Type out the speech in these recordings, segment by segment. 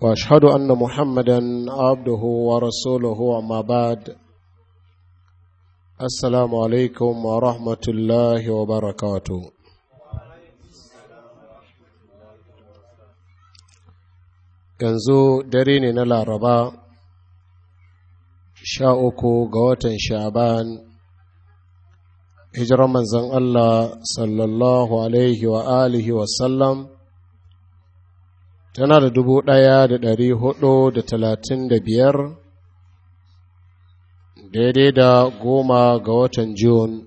واشهد ان محمدا عبده ورسوله اما بعد السلام عليكم ورحمه الله وبركاته yanzu dare ne na laraba sha uku ga watan sha'ban hijirar manzon allah sallallahu alaihi wa alihi tana da dubu ɗaya da ɗari hudu da talatin da biyar daidai da goma ga watan Jun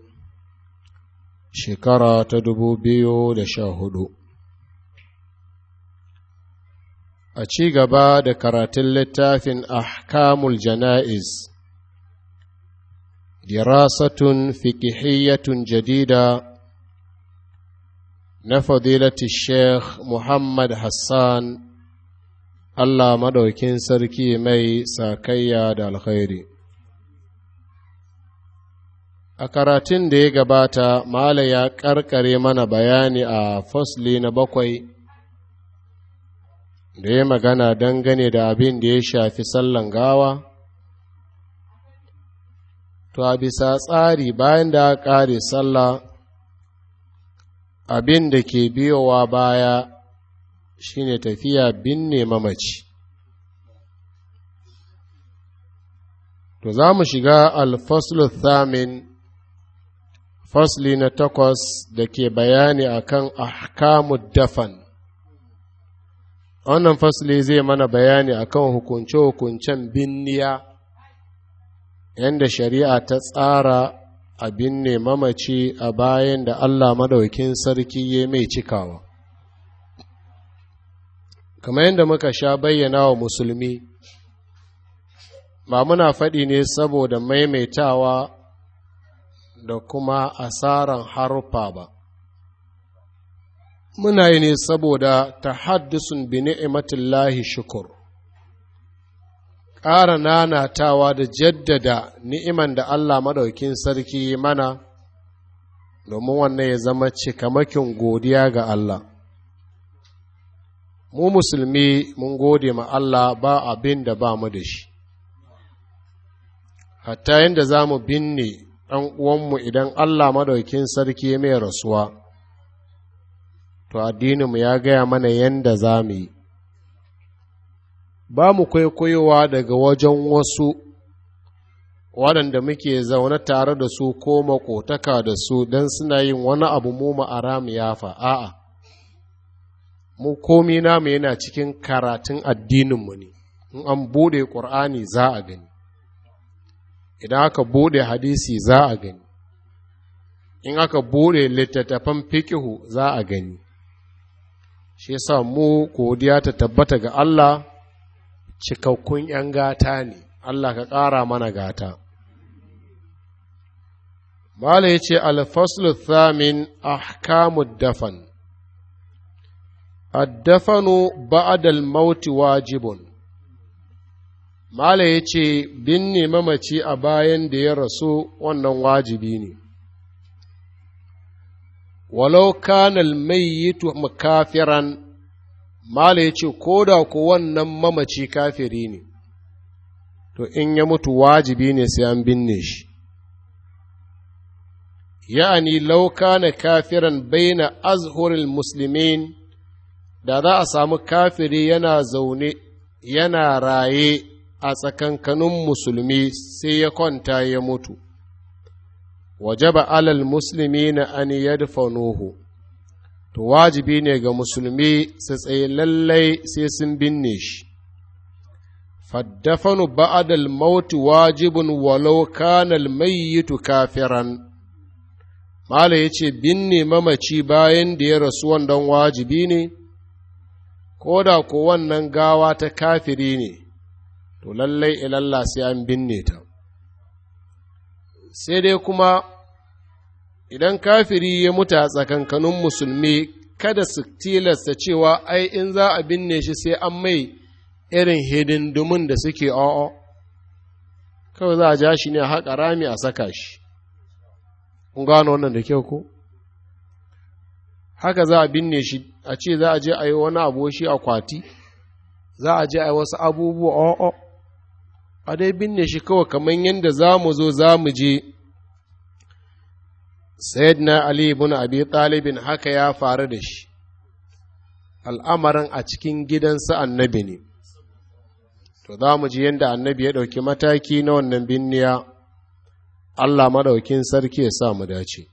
shekara ta dubu biyu da sha hudu. A ci gaba da karatun littafin Ahkamul Jana'iz, dirasatun fikihiyatun jadida na fadilati sheikh muhammad hassan allah maɗaukin sarki mai sakayya da alkhairi a karatun da ya gabata mala ya ƙarƙare mana bayani a fasli na bakwai da ya magana dangane da abin da ya shafi sallan gawa to a bisa tsari bayan da ƙare sallah abin da ke biyowa baya shine tafiya binne mamaci to za mu shiga alfaslu thamin fasli na takwas da ke bayani akan ahkamud dafan wannan fasli zai mana bayani akan hukunce-hukuncen binniya yadda shari'a ta tsara Abin ne mamaci a bayan da Allah madaukin sarki ya mai cikawa kamar yadda muka sha bayyana wa musulmi ba muna faɗi ne saboda maimaitawa da kuma asaran haruffa ba muna yi ne saboda ta haddisun bi ni'imatullahi shukur ƙara nanatawa da jaddada ni'iman da Allah maɗaukin sarki mana domin wannan ya zama cikamakin godiya ga Allah. Mu musulmi mun gode ma Allah ba abin da ba mu da shi, hatta yadda za mu binne ɗan uwanmu idan Allah maɗaukin sarki mai rasuwa, to addininmu ya gaya mana yadda za mu yi. ba mu kwaikwayowa daga wajen wasu waɗanda muke zaune tare da su ko makotaka da su don suna yin wani abu mu ma'aram ya a'a mu komi namu yana cikin karatun addininmu ne in an bude ƙur'ani za a gani idan aka bude hadisi za a gani in aka buɗe littattafan fikihu za a gani shi yasa mu godiya ta tabbata ga Allah cikakkun 'yan gata ne Allah ka ƙara mana gata mala ya ce alfaslu thamin ahkamud dafan addafanu ba'adal mauti wajibun mala ya ce binne mamaci a bayan da ya rasu wannan wajibi ne walau kanal mayyitu makafiran mala ya ce ko da ku wannan mamaci kafiri ne to in ya mutu wajibi ne sai an binne shi ya'ani lauka na kafiran baina azhuril musulmin, da za a samu kafiri yana zaune yana raye a tsakankanin musulmi sai ya kwanta ya mutu wajaba alal musulmi na an yadfanuhu to wajibi ne ga musulmi su tsaye lallai sai sun binne shi faddafanu ba'adal mauti wajibin walau kanal mayyitu kafiran mala ya ce binne mamaci bayan da ya rasu wannan wajibi ne ko da ko wannan gawa ta kafiri ne to lallai ilalla sai an binne ta sai dai kuma idan kafiri ya mutu a tsakankanin musulmi kada su tilasta cewa ai in za a binne shi sai an mai irin hidindumin da suke o'o kawai za a ja shi ne a haƙa rami a saka shi kun gano wannan da kyau ko haka za a binne shi a ce za a je a yi wani abu shi a kwati, za a je a yi wasu abubuwa o'o a dai binne shi kawai kamar yadda za mu zo za mu je sayyidina ali ibn abi talibin haka ya faru da shi al'amarin a cikin gidansa annabi ne to za mu ji yadda annabi ya ɗauki mataki na wannan binniya allah maɗaukin sarki ya sa mu dace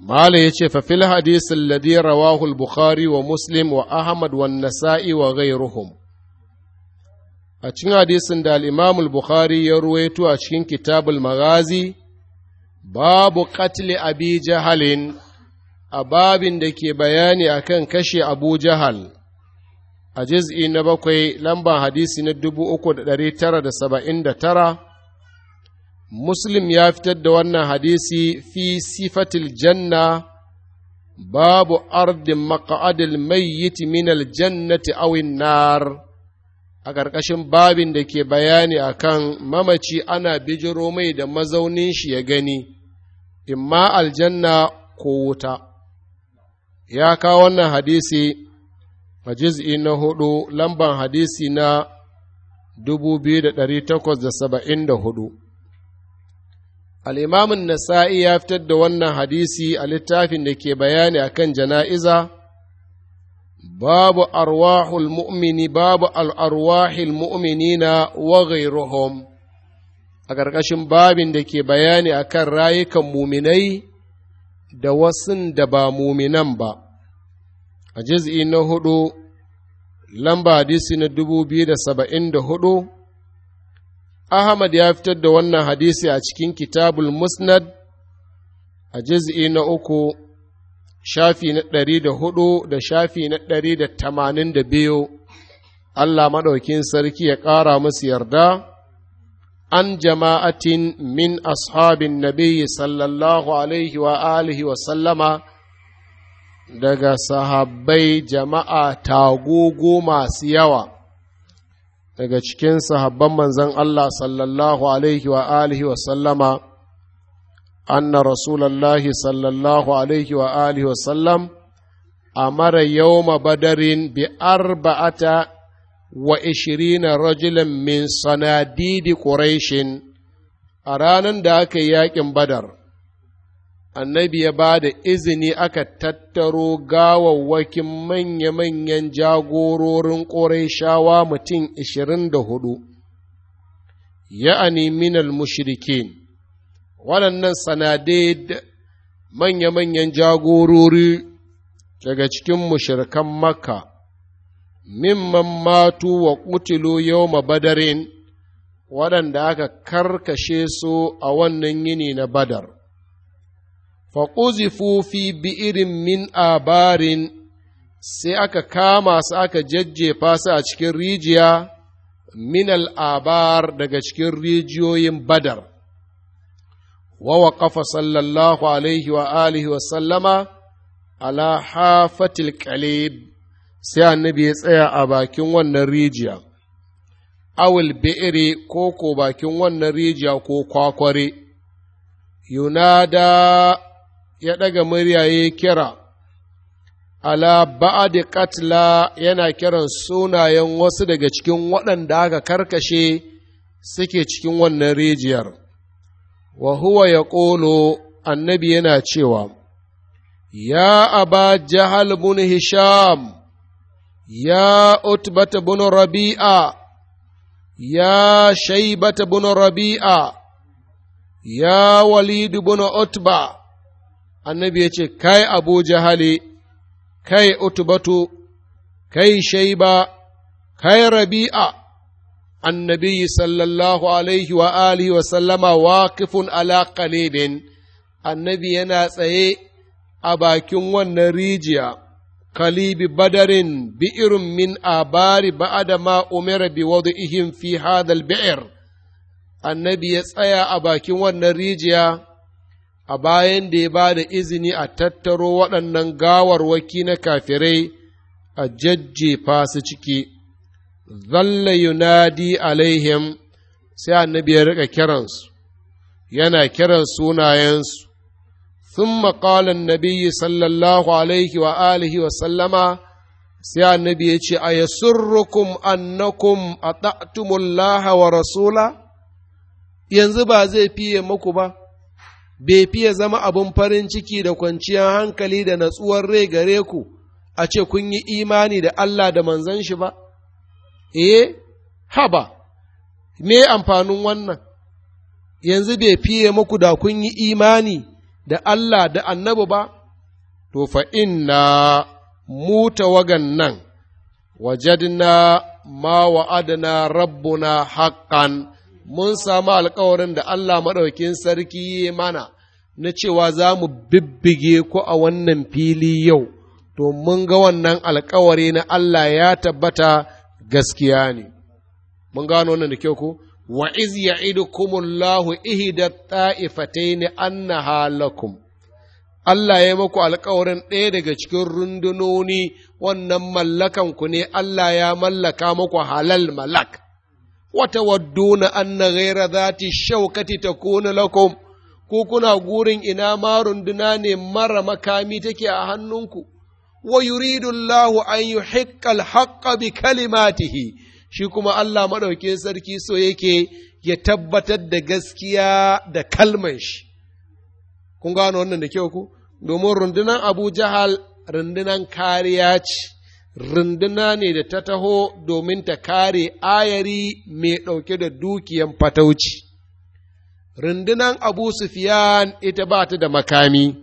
Mala ya ce, Fafil hadisin ladi rawahul Bukhari wa Muslim wa Ahmad wa Nasa'i wa ghairuhum A cikin hadisin da al'imamul Bukhari ya ruwaito a cikin kitabul magazi babu katli abi jahalin a babin da ke bayani akan kashe abu jahal a jiz'i na bakwai lamban hadisi na dubu uku da ɗari tara da saba'in da tara muslim ya fitar da wannan hadisi fi sifatil janna babu ardin maka'adil mayyit min aljannati awin nar a ƙarƙashin babin da ke bayani akan mamaci ana bijiro mai da mazaunin shi ya gani imma aljanna ko wuta ya kawo wannan hadisi a jiz'i na hudu lamban hadisi na 2874 al'imamin nasa'i ya fitar da wannan hadisi a littafin da ke bayani akan jana'iza babu arwahul mu'mini babu al'arwahil mu'minina wa ghairuhum a ƙarƙashin babin da ke bayani a kan rayukan muminai da wasun da ba muminan ba a jiz'i na hudu lamba hadisi na dubu biyu da saba'in da hudu ahmad ya fitar da wannan hadisi a cikin kitabul musnad a jiz'i na uku shafi na ɗari da hudu da shafi na ɗari da tamanin da biyu Allah maɗaukin sarki ya ƙara musu yarda an jama'atin min ashabin nabiyyi sallallahu alaihi wa alihi wa sallama daga sahabbai jama'a tagogo masu yawa daga cikin sahabban manzan Allah sallallahu alaihi wa alihi wa sallama anna rasulallahi sallallahu alaihi wa alihi wa sallam a mara yawma badarin bi arba'ata wa ishirina rajulan min sanadidi ƙureshin a ranar da aka yi yaƙin badar annabi ya ba da izini aka tattaro gawawwakin manya-manyan jagororin shawa mutum ishirin da hudu ya'ani minal mushrikin waɗannan sanadid manya-manyan jagorori daga cikin mushirkan makka mimman matu wa kutilu ma badarin waɗanda aka karkashe su a wannan yini na badar faƙuzifu fi irin min abarin sai aka kama su aka jajjefa su a cikin rijiya min al'abar daga cikin rijiyoyin badar wawa ƙafa sallallahu alaihi wa alihi wa sallama ala hafatil kalib sai annabi ya tsaya a bakin wannan rijiya awul bi'iri ko ko bakin wannan rijiya ko kwakware yunada ya ɗaga murya ya kira ala ba'adi katla yana kiran sunayen wasu daga cikin waɗanda aka karkashe suke cikin wannan rijiyar wa huwa ya ƙolo annabi yana cewa ya aba jahal bin hisham يا عتبة بن ربيعة يا شيبة بن ربيعة يا وليد بن عتبة النبي يقول كاي أبو جهل كاي عتبة كاي شيبة كاي ربيعة النبي صلى الله عليه وآله وسلم واقف على قليب النبي ينسى أباكم ونريجيا كليب بدر بئر من آبار بعد ما أمر بوضعهم في هذا البئر annabi ya tsaya a bakin wannan rijiya a bayan da ya ba da izini a tattaro waɗannan gawarwaki na kafirai a jajjefa su ciki, zalla yunadi alaihim sai annabi ya riƙa kiransu, yana kiran sunayensu, sun maƙalan Nabiyyu sallallahu alaihi wa ya ce a yasurrukum annakum a ta'tumullaha yanzu ba zai fiye muku ba bai fiye zama abin farin ciki da kwanciyar hankali da natsuwar rai gare ku a ce kun yi imani da Allah da manzan shi ba eh haba me amfanin wannan yanzu bai fiye muku da kun yi imani da Allah da annabi ba, to fa inna mu tawagan nan, wajadna ma wa'adana rabbuna haƙƙan, mun samu alkawarin da Allah maɗaukin sarki ya mana, na cewa za mu bibbige ku a wannan fili yau, to mun ga wannan alkawari na Allah ya tabbata gaskiya ne. Mun gano wannan da kyau ko? wa iz ya'idukumullahu ihda ta'ifatayn annaha lakum Allah ya maku alkawarin ɗaya daga cikin rundunoni wannan mallakan ku ne Allah ya mallaka muku halal malak wata wadduna anna ghaira zati shaukati takuna lakum ko kuna gurin ina ma runduna ne mara makami take a hannunku wa yuridu Allahu an yi al bi kalimatihi shi kuma Allah maɗaukin sarki so yake ya tabbatar da gaskiya da kalman shi. Kun gano wannan da kyau ku? Domin rundunan Abu Jahal rundunan kariya ce, runduna ne da ta taho domin ta kare ayari mai ɗauke da dukiyan fatauci. Rundunan Abu Sufiyan ita ba ta da makami,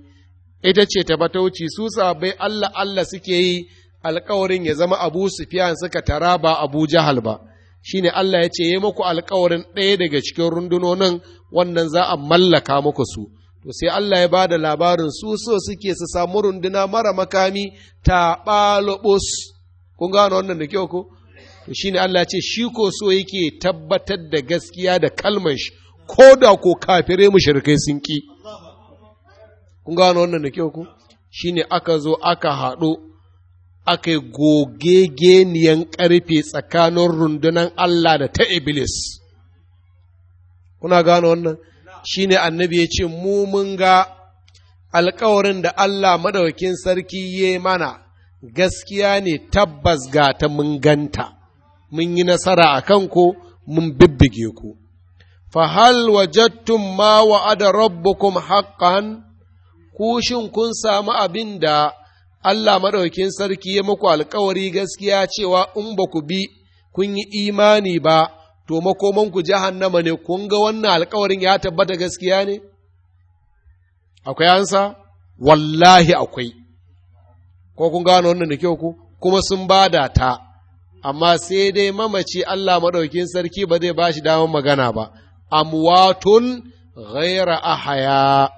ita ce ta fatauci, su sabai Allah Allah suke yi. Alƙawarin ya zama abu sufiyan suka tara ba abu jahal ba shine Allah ya ce yi muku alƙawarin ɗaya daga cikin rundunonin wannan za a mallaka muku su to sai Allah ya bada labarin su so suke su samu runduna mara makami ta ɓalobos kun gano wannan da kyau ko to shine Allah ya ce shi ko so yake tabbatar da gaskiya da kalmar shi ko da ko kafire mushrikai sun ki kun gano wannan da kyau ko shine aka zo aka haɗu aka yi gogegeniyan karfe tsakanin rundunan Allah da ta Iblis. Kuna gano wannan? Shi ne annabi ya ce, mu mun ga alkawarin da Allah madawakin sarki ya mana gaskiya ne tabbas ga ta mun ganta, mun yi nasara a kanku mun bibbige ku. Fahal wajattun ma wa'ada rabbukum haƙƙan, kushin kun samu abin da Allah maɗaukin sarki ya muku alkawari gaskiya cewa in ba ku bi kun yi imani ba, to makomanku jahannama ne, kun ga wannan alkawarin ya tabbata gaskiya ne? Akwai ansa? Wallahi akwai. Ko kun gano wannan da kyau ku? Kuma sun bada ta, amma sai dai mamaci Allah maɗaukin sarki ba zai ba shi damar magana ba. Amwatun ghaira ahaya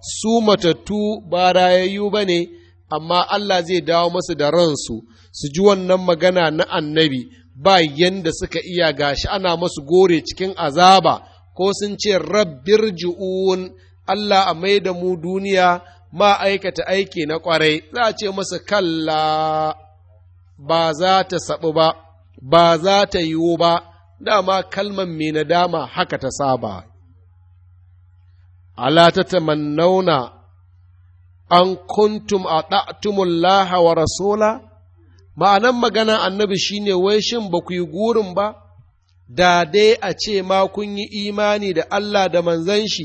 su matattu ba rayayyu ba ne. amma Allah zai dawo masu da ransu su ji wannan magana na annabi ba yanda suka iya gashi ana masu gore cikin azaba ko sun ce rabbir ju'un Allah a mai da mu duniya ma aikata aiki na kwarai za a ce masu kalla ba za ta sabu ba ba za ta yiwu ba dama kalman mai nadama haka ta saba ala ta tamannauna an kuntum a ɗa'atumullaha wa rasula, ma'anan magana annabi shine wai shin ba ku yi gurin ba, da dai a ce ma kun yi imani da Allah da manzan shi,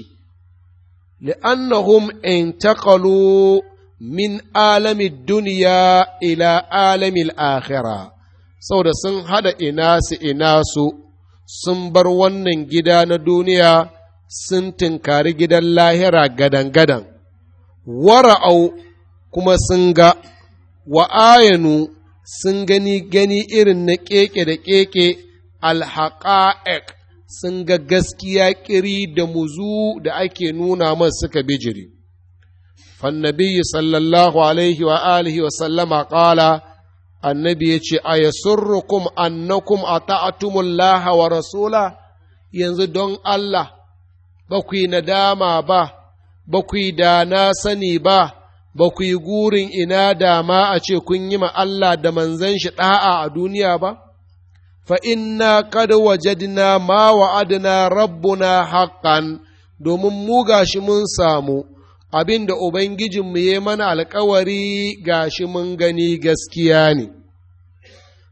li'annahum in taƙalu min alamin duniya ila alamil akhira saboda sun hada ina su ina su sun bar wannan gida na duniya sun tinkari gidan lahira gadan-gadan. wara'au kuma sun ga, wa'ayanu sun gani gani irin na keke da keke alhaƙa'ek sun ga gaskiya ƙiri da muzu da ake nuna man suka bijiri. Fannabi sallallahu alaihi wa alihi wa sallama ƙala, annabi ya ce, A yasurrukum annakum a ta'atumullaha wa rasula, yanzu don Allah, ba ku yi nadama ba. ba ku da na sani ba, ba ku yi gurin ina dama ma a ce kun yi ma Allah da manzan shi ɗa'a a duniya ba? Fa inna kada wajadna ma wa'adna rabbuna haƙan, domin mu shi mun samu, abin da Ubangijinmu ya mana alkawari gashi mun gani gaskiya ne.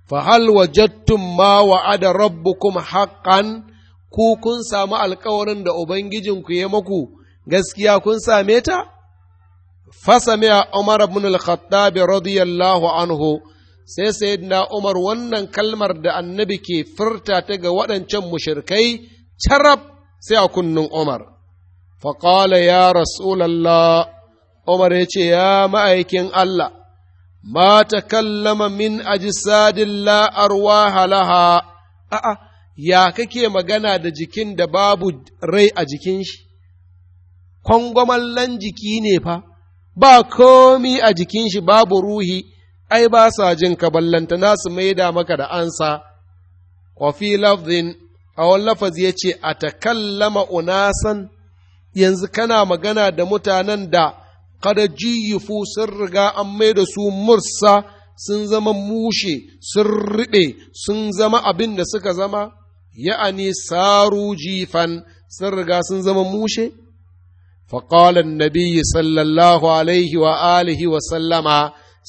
Fa hal wajadtum ma wa'ada rabbukum haƙan, ku kun samu alkawarin da Ubangijinku ya maku. gaskiya kun same ta? a Umar ibn al-Khattab radiyallahu anhu sai sayyidina Umar wannan kalmar da annabi ke furta ta ga waɗancan mushirkai carab sai a kunnun Umar. Faƙala ya Rasulallah, Umar ya ce, Ya ma'aikin Allah, ma ta kallama min ajisadin la'arwa halaha, a'a, ya kake magana da jikin da babu rai a jikin shi? kwangwamallan jiki ne fa, ba komi a jikin shi babu ruhi, ai ba sa jin ka ballanta nasu maida maka da ansa. Kofi lafzin, a wani ya ce, a takallama unasan, yanzu kana magana da mutanen da kada jiyufu sun riga an mai da su mursa sun zama mushe, sun riɓe, sun zama abin da suka zama, ya'ani saru jifan sun riga sun zama mushe? فقال النبي صلى الله عليه وآله وسلم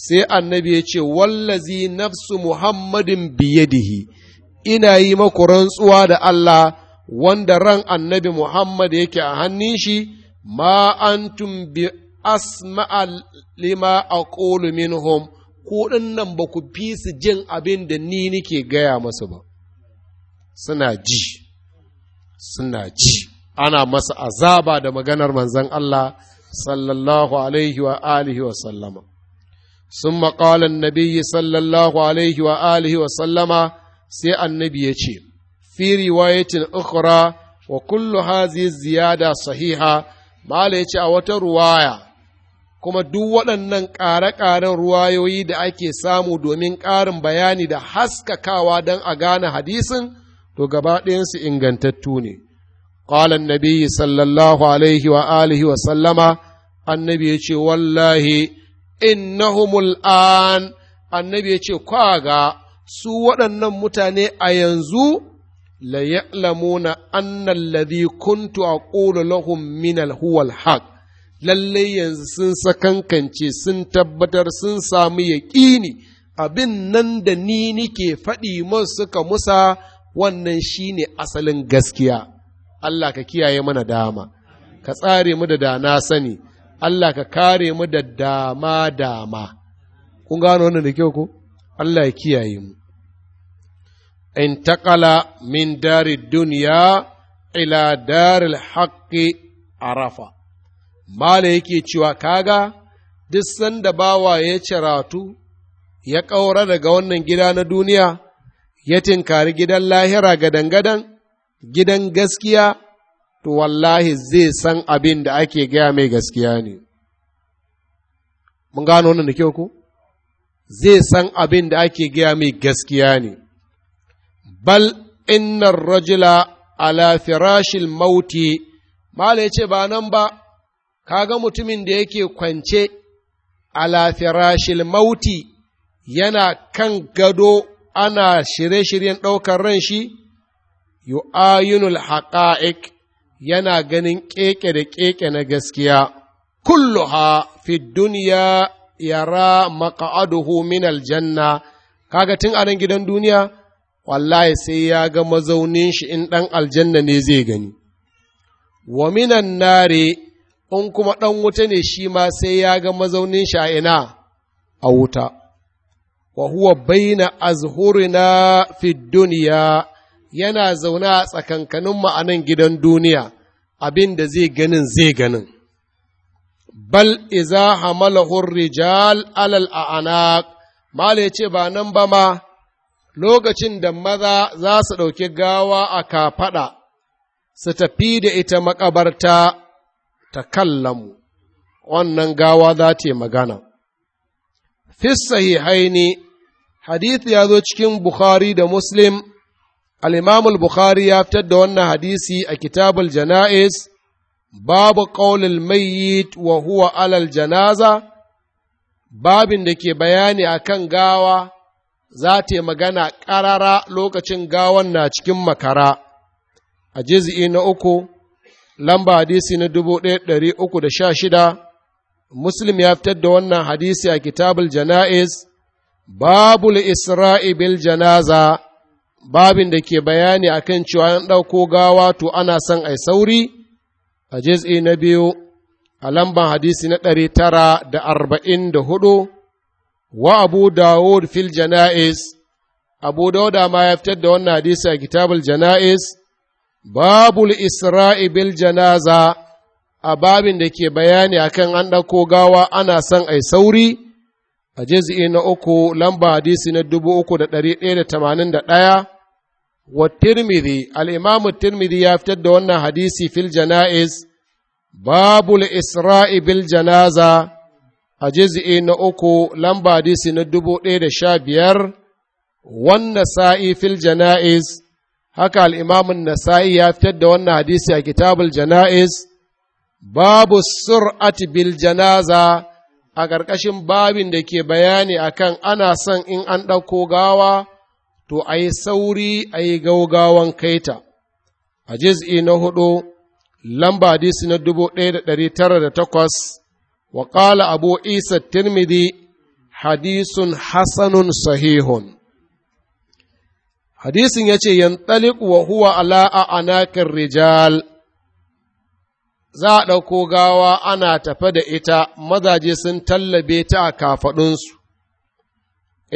sai annabi ya ce wallazi nafsu muhammadin biyadihi ina yi maku rantsuwa da Allah wanda ran annabi Muhammad yake a hannun shi ma antum bi asma'a lima aqulu minhum ko nan ba ku fi su jin abin da ni nike gaya masu ba suna suna ji ana masa azaba da maganar manzan Allah sallallahu alaihi wa alihi wa sallama sun maƙalan nabiyyi sallallahu alaihi wa alihi wa sallama sai annabi ya ce fi riwayatin ukhra wa kullu hazi ziyada sahiha mala ya ce a wata ruwaya kuma duk waɗannan ƙare-ƙaren ruwayoyi da ake samu domin ƙarin bayani da haskakawa don a gane hadisin to gaba ɗayansu ingantattu ne قال النبي صلى الله عليه وآله وسلم النبي يقول والله إنهم الآن النبي يقول كاغا سوى أنهم متاني أينزو la ya'lamuna anna alladhi kuntu aqulu lahum min huwa al-haq lalle yanzu sun sakankance sun tabbatar sun samu yaqini abin nan da ni nike faɗi masu suka musa wannan shine asalin gaskiya Allah ka kiyaye mana dama ka tsare mu da da na sani Allah ka kare mu da dama dama kun gano wannan da kyau ko Allah ya kiyaye mu In intaqala min dari duniya ila daril a arafa mala yake cewa kaga duk sanda bawa ya ciratu ya ƙaura daga wannan gida na duniya ya tinkari gidan lahira gadan-gadan gidan gaskiya to wallahi zai san abin da ake gaya mai gaskiya ne mun gano wannan da kyau ko zai san abin da ake gaya mai gaskiya ne bal innar rajula ala firashil mauti mala ya ce ba nan ba ga mutumin da yake kwance ala firashil mauti yana kan gado ana shirye-shiryen ɗaukar ran shi yu'ayinul haqa'iq yana ganin keke da keke na gaskiya kulluha fi duniya yara maqa'aduhu min aljanna kaga tun a nan gidan duniya wallahi sai ya ga mazaunin shi in ɗan aljanna ne zai gani wa minan nare in kuma ɗan wuta ne shi ma sai ya ga mazaunin shi a ina a wuta wa huwa baina azhurina fi duniya yana zauna a tsakankanin ma'anan gidan duniya abin da zai ganin zai ganin bal iza hamalahu rijal alal a'anaq mala ce ba nan ba ma lokacin da maza za su ɗauki gawa a kafaɗa su tafi da ita makabarta ta kallamu wannan gawa za ta magana fis sahihaini hadith ya zo cikin bukhari da muslim Al'imamul Bukhari ya fitar da wannan hadisi a kitabul jana'iz, babu ƙaunin mayyit wa huwa alal janaza, babin da ke bayani a kan gawa za magana ƙarara lokacin gawan na cikin makara, a jiz'i na uku, lamba hadisi na dubu ɗaya ɗari uku da sha shida, Muslim ya fitar da wannan hadisi a kitabul jana'iz, babul isra'i bil janaza. babin da ke bayani akan cewa an ɗauko gawa to ana son ai sauri a jiz'i na biyu a lamban hadisi na ɗari tara da arba'in da hudu wa abu dawud fil jana'is abu dauda ma ya fitar da wannan hadisi a kitabul jana'is babul isra'i bil janaza a babin da ke bayani a kan an ɗauko gawa ana son ai sauri a juz'i na uku lamba hadisi na dubu uku da dari ɗaya da tamanin da ɗaya wa tirmidhi al'imamu tirmidhi ya fitar da wannan hadisi fil babu babul isra'i bil janaza a juz'i na uku lamba hadisi na dubu ɗaya da sha biyar wannan sa'i fil jana'iz haka al'imamun nasa'i ya fitar da wannan hadisi a kitabul jana'iz babu sur'ati bil janaza a ƙarƙashin babin da ke bayani a kan ana son in an ɗauko gawa, to a yi sauri a yi gaugawan kaita. A jiz'i na hudu, lamba hadisi na dubu ɗaya da ɗari tara da takwas, wa ƙala abu Isa Tirmidhi hadisun hasanun sahihun. Hadisin ya ce, Yantsalik wa huwa ala a anakin rijal. za a ɗauko gawa ana tafe da ita mazaje sun tallabe ta a kafaɗunsu,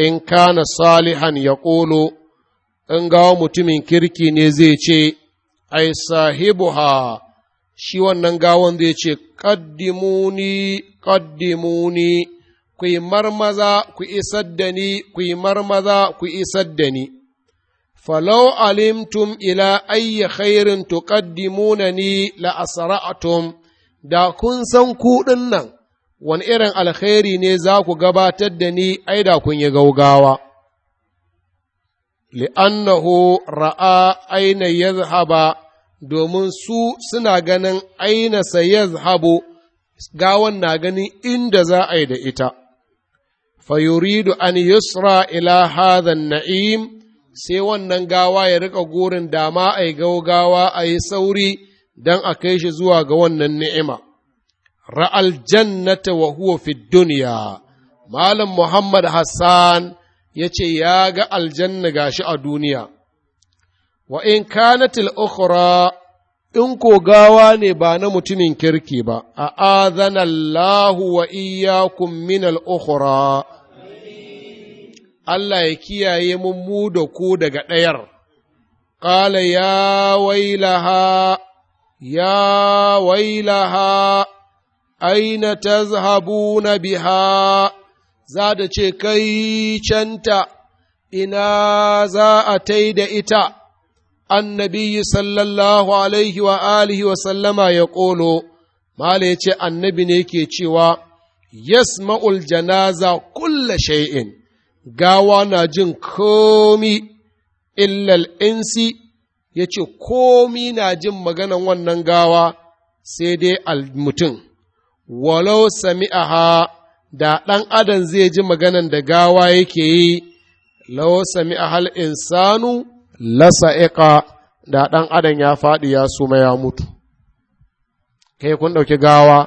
in kana salihan ya ƙolo, in gawa mutumin kirki ne zai ce, ai sahibuha shi wannan gawan zai ce, ƙaddimuni, ƙaddimuni, ku yi marmaza, ku isar da ni, ku yi marmaza, ku isar da ni. فلو علمتم إلى أي خير تقدمونني da دا كن سن كودن wan irin alkhairi ne za ku gabatar da ni ai da kun yi gaugawa Li'anahu ra'a aina yazhaba domin su suna ganin aina sa yazhabu gawan na ganin inda za a yi da ita fa yuridu an yusra ila hadha na'im sai wannan gawa ya riƙa gurin dama a yi gaugawa a yi sauri don a kai shi zuwa ga wannan ni'ima. Ra'al jannata wa huwa fi duniya, Malam Muhammad Hassan ya ce ya ga aljanna gashi a duniya. Wa in kanatil ukhra in ko gawa ne ba na mutumin kirki ba, a azanallahu wa iyyakum min Allah ya kiyaye mu da ku daga ɗayar. Ƙala ya wailaha, ya wailaha, aina ta na biha, za da ce kai canta, ina za a tai da ita, annabi sallallahu alaihi wa alihi wa sallama ya ƙolo, Mala ya ce annabi ne ke cewa, maul janaza kulla shay'in. gawa na jin komi illal insi ya ce komi na jin maganan wannan gawa sai dai mutum, walau sami'aha da ɗan adam zai ji maganan da gawa yake yi, lau sami sami'ahal insanu lasa'iƙa da ɗan adan ya faɗi ya suma ya mutu. Kai kun ɗauki gawa,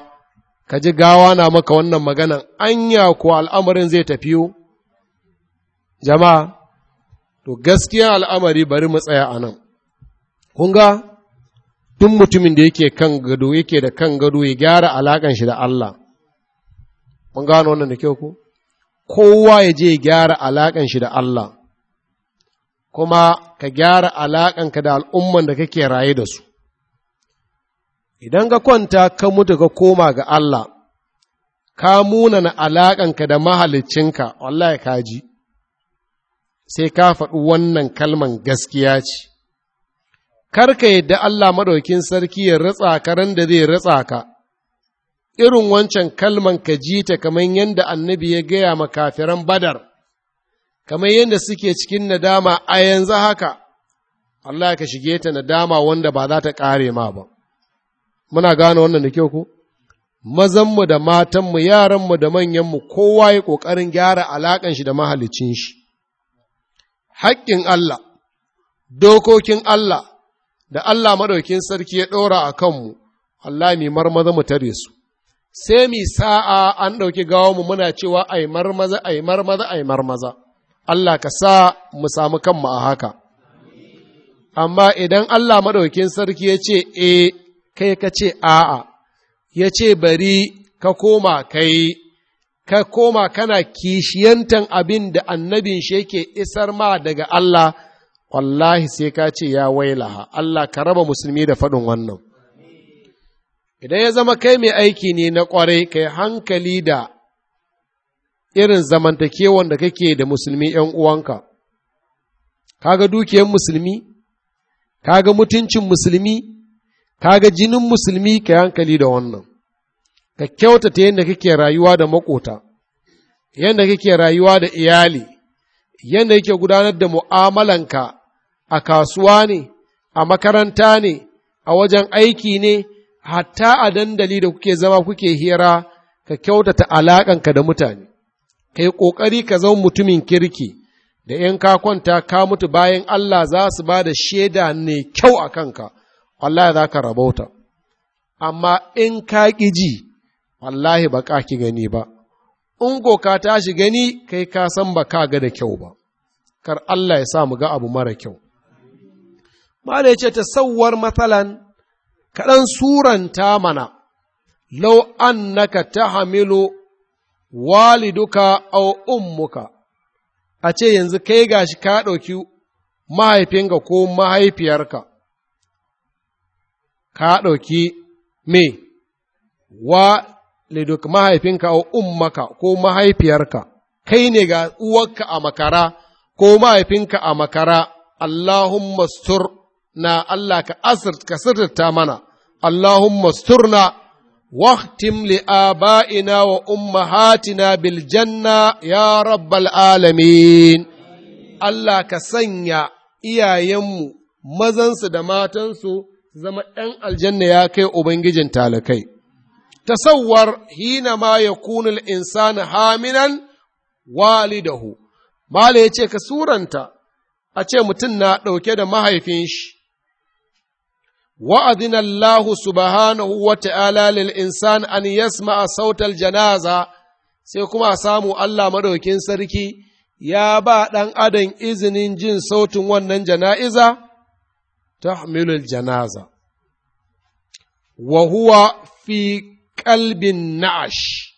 ka ji gawa na maka wannan maganan anya ko al'amarin zai tafiyo? jama'a to gaskiya al'amari bari mu tsaya a nan kun ga duk mutumin da yake kan gado yake da kan gado ya gyara alaƙan shi da Allah kun gano wannan da kyau ko kowa ya je ya gyara alaƙan shi da Allah kuma ka gyara alaƙanka da al'umman da kake raye da su idan ka kwanta ka mutu ka koma ga Allah ka munana alaƙanka da mahaliccinka wallahi ka ji sai ka faɗi wannan kalman gaskiya ce, karka yadda Allah maɗaukin sarki ya ratsa ka ran da zai ratsa ka, irin wancan kalman ka ji ta kamar yadda annabi ya gaya ma kafiran badar, kamar yadda suke cikin nadama a yanzu haka, Allah ka shige ta nadama wanda ba za ta ƙare ma ba. Muna gane wannan da kyau ko? Mazanmu da matanmu, yaranmu da manyanmu, kowa ya ƙoƙarin gyara alaƙan shi da mahalicin shi. haƙƙin Allah, dokokin Allah, da Allah maɗaukin sarki ya ɗora a kanmu, Allah mai marmaza mu tare su. Sai mi sa'a an ɗauki mu muna cewa ai marmaza, ai marmaza, ai marmaza. Allah ka sa mu samu kanmu a haka. Amma idan Allah maɗaukin sarki ya ce, E, kai ka ce a'a, ya ce bari ka koma kai ka koma kana kishiyantan abin da annabin shi yake isar ma daga Allah wallahi sai ka ce ya wailaha Allah ka raba musulmi da faɗin wannan idan ya zama kai mai aiki ne na ƙwarai kai hankali da irin zamantakewan da kake da musulmi ‘yan uwanka, kaga dukiyar musulmi, kaga mutuncin musulmi, kaga jinin musulmi kai hankali da wannan. ka kyautata yadda kake rayuwa da makota yadda kake rayuwa da iyali yadda kake gudanar da mu'amalanka a kasuwa ne a makaranta ne a wajen aiki ne hatta a dandali da kuke zama kuke hira ka kyautata alaƙanka da mutane ka yi ƙoƙari ka zama mutumin kirki da ‘yan ka kwanta ka mutu bayan Allah za su ba da shaida ne kyau a kanka, Allah za ka rabauta, amma in ka ƙi ji, wallahi ba ka ki gani ba in ka tashi gani kai ka san ba ka ga da kyau ba kar Allah ya sa mu ga abu mara kyau mala ya ce tasawwar matsalan kaɗan suranta mana lau annaka tahamilu waliduka aw ummuka a ce yanzu kai gashi ka ɗauki mahaifinka ko mahaifiyarka, ka ɗauki me, wa duk mahaifinka a ummaka ko mahaifiyarka, kai ne ga uwarka a makara ko mahaifinka a makara, Allahumma stur na Allah ka asir ka sirta mana, Allahumma stur na waktim li aba'ina wa ummahatina bil janna ya rabbal alamin. Allah ka sanya iyayenmu mazansu da matansu zama ‘yan aljanna ya kai Ubangijin talakai. tasawwar hina ma ya kunul insani haminan walidahu mala yace ce ace mutum na ɗauke da mahaifinshi. shi wa'adin Allah subhanahu wa ta'ala lil insan an yasma sautal janaza sai kuma a samu Allah maɗaukin sarki ya ba ɗan adan izinin jin sautin wannan jana'iza ta janaza wa huwa fi kalbin na'ash,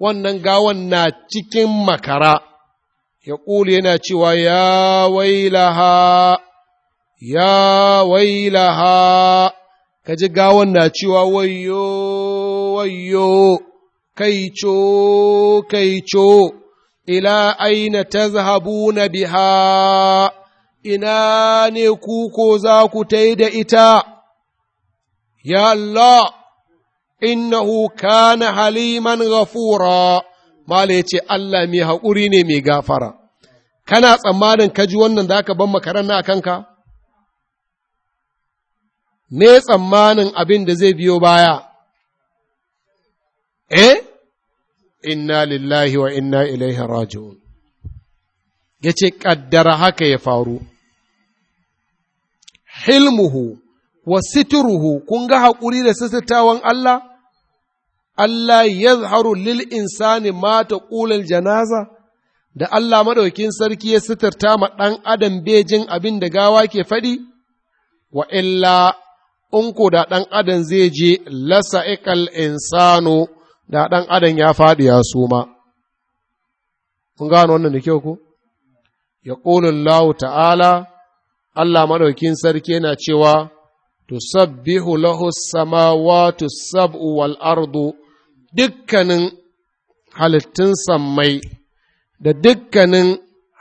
wannan gawan na cikin makara, ya ƙuli yana cewa ya wailaha, ya wailaha, ka ji gawan na cewa wayo, wayo, kaico, kaico, ila aina ta zahabu na biha, ina ne kuko za ku ta da ita, ya Allah! innahu kana haliman ghafura mala yace Allah mai haƙuri ne mai gafara kana tsammanin kaji wannan da aka ban makaran na kanka me tsammanin abin da zai biyo baya eh inna lillahi wa inna ilaihi raji'un yace ƙaddara haka ya faru hilmuhu wa situruhu kun ga haƙuri da sasatawan Allah Allah yazharu lil insani mata taqulul janaza da Allah madaukin sarki ya sitarta ma ɗan adam bejin abin da gawa ke faɗi wa illa in da ɗan adam zai je ikal insano da ɗan adam ya faɗi ya suma kun gano wannan da kyau ko ya Allah ta'ala Allah madaukin sarki yana cewa tusabbihu lahu samawati sab'u wal ardu dukkanin halittun sammai da dukkanin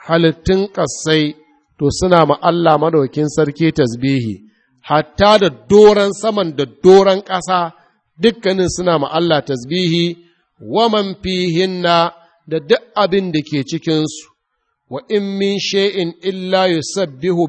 halittun ƙasai to suna ma'alla madaukin sarki tasbihi hatta da doran saman da doran ƙasa dukkanin suna ma'alla tasbihi wa man fihinna da duk abin da ke cikinsu wa in min shay'in illa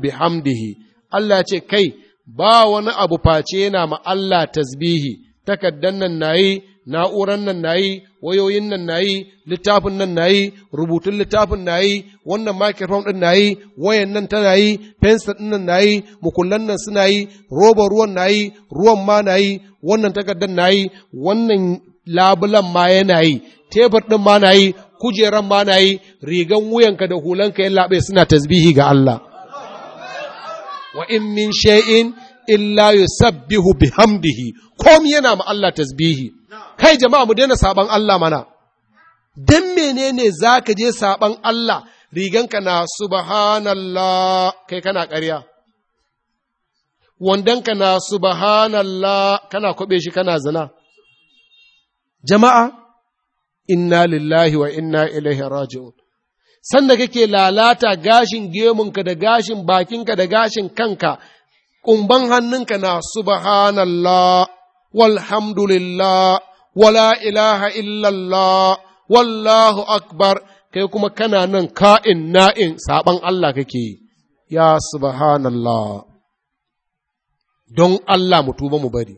bi hamdihi. Allah ce kai ba wani abu face yana ma'alla tasbihi takaddan nan yi. na'uran nan na yi, wayoyin nan na yi, littafin nan na yi, rubutun littafin na yi, wannan microphone ɗin na yi, wayan nan tana yi, fensir ɗin nan na yi, mukullan nan suna yi, robar ruwan na yi, ruwan ma na yi, wannan takardar na yi, wannan labulan ma yana yi, tebur ɗin ma na yi, kujeran ma na yi, rigan wuyanka da hulanka ya laɓe suna tasbihi ga Allah. Wa in min shay'in illa yusabbihu bihamdihi, komi yana ma Allah tasbihi. Kai jama'a mu daina saban Allah mana. Dan menene za ka je saban Allah riganka na subhanallah kai kana ƙarya. Wandonka na subhanallah kana kwaɓe shi kana zina. Jama'a, inna lillahi wa inna ilaihi raji'un. Sanda kake lalata gashin gemunka da gashin bakinka da gashin kanka, ƙumban hannunka na subhanallah والحمد لله ولا إله إلا الله والله kai kuma kana nan ka'in na'in saɓan Allah kake ya subhanallah don Allah mu tuba mu bari,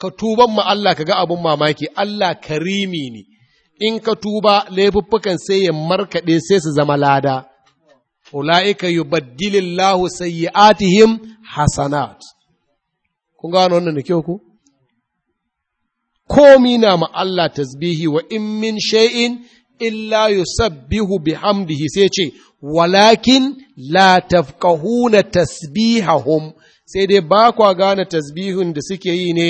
ka tuban mu Allah ka ga abun mamaki, Allah karimi ne, in ka tuba laifuffukan sai ya markaɗe sai su zama lada, ula'ika yubaddilillahu sayyi'atihim hasanat. Kun gano wannan da kyau ku? komi na ma Allah tasbihi wa in min shay'in illa yusabbihu bihamdihi sai ce walakin la tafqahuna tasbihahum sai dai ba kwa gane tasbihun da suke yi ne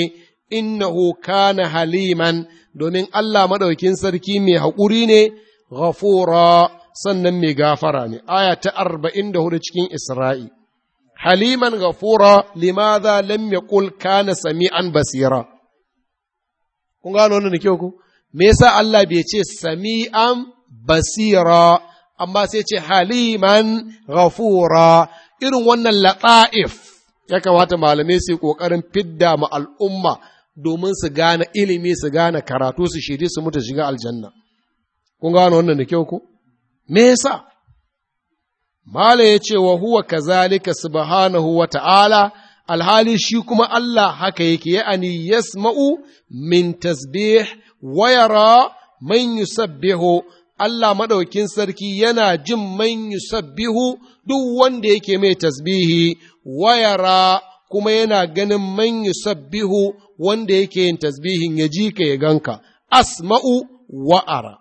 innahu kana haliman domin Allah maɗaukin sarki mai haƙuri ne ghafura sannan mai gafara ne aya ta arba'in da hudu cikin Isra'i haliman ghafura limadha lam yaqul kana sami'an basira kun gano wannan da kyau ku me yasa Allah bai ce sami'an basira amma sai ce haliman ghafura irin wannan lata'if ya kamata malamai su yi kokarin fidda ma al'umma domin su gane ilimi su gane karatu su shiri su mutu shiga aljanna kun gano wannan da kyau ku me yasa mala ya ce wa huwa kazalika subhanahu wa ta'ala alhali shi kuma Allah haka yake ya ani yasma'u min tasbih wa yara man yusabbihu Allah maɗaukin sarki yana jin man yusabbihu duk wanda yake mai tasbihi wayara kuma yana ganin man yusabbihu wanda yake yin tasbihin ya ji ka ya ganka asma'u wa'ara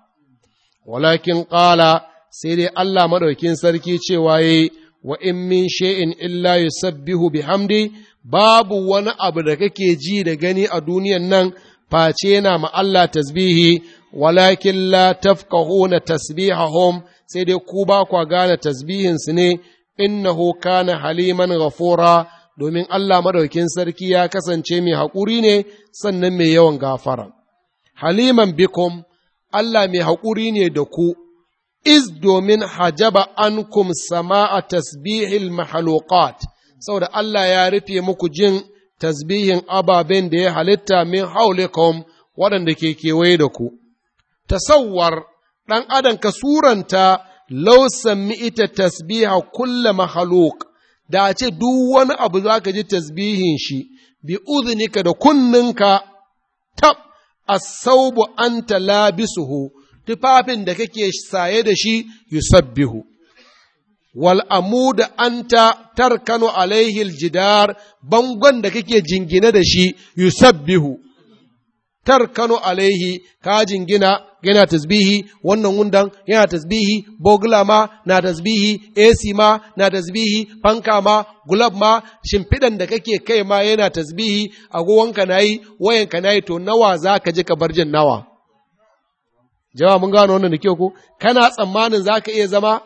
walakin ƙala sai dai Allah maɗaukin sarki cewa yayi wa in min shay'in illa yusabbihu bihamdi babu wani abu da kake ji da gani a duniyan nan face yana ma Allah tasbihi walakin la tafqahuna tasbihahum sai dai ku ba kwa gane tasbihin su ne innahu kana haliman ghafura domin Allah madaukin sarki ya kasance mai haƙuri ne sannan mai yawan gafara haliman bikum Allah mai haƙuri ne da ku iz domin hajaba an sama a tasbihin mahalukat saboda Allah ya rufe muku jin tasbihin ababen da ya halitta min haulikom waɗanda ke kewaye da ku. Tasawwar ɗan adam ka suranta law ita tasbiha kulle mahaluk da ce duk wani abu za ka ji tasbihin shi bi uzinika da kunninka tab asaubu anta labisuhu tufafin da kake saye da shi yusabbihu wal amud anta tarkanu alaihi aljidar bangon da kake jingine da shi yusabbihu tarkanu alaihi ka jingina yana tasbihi wannan wundan yana tasbihi bogula ma na tasbihi AC ma na tasbihi fanka ma gulab ma shimfiɗan da kake kai ma yana tasbihi agowanka nayi, wayanka nayi to nawa zaka ka ji ka bar nawa Jawa mun gano wannan da kyau ko, kana tsammanin za ka iya zama,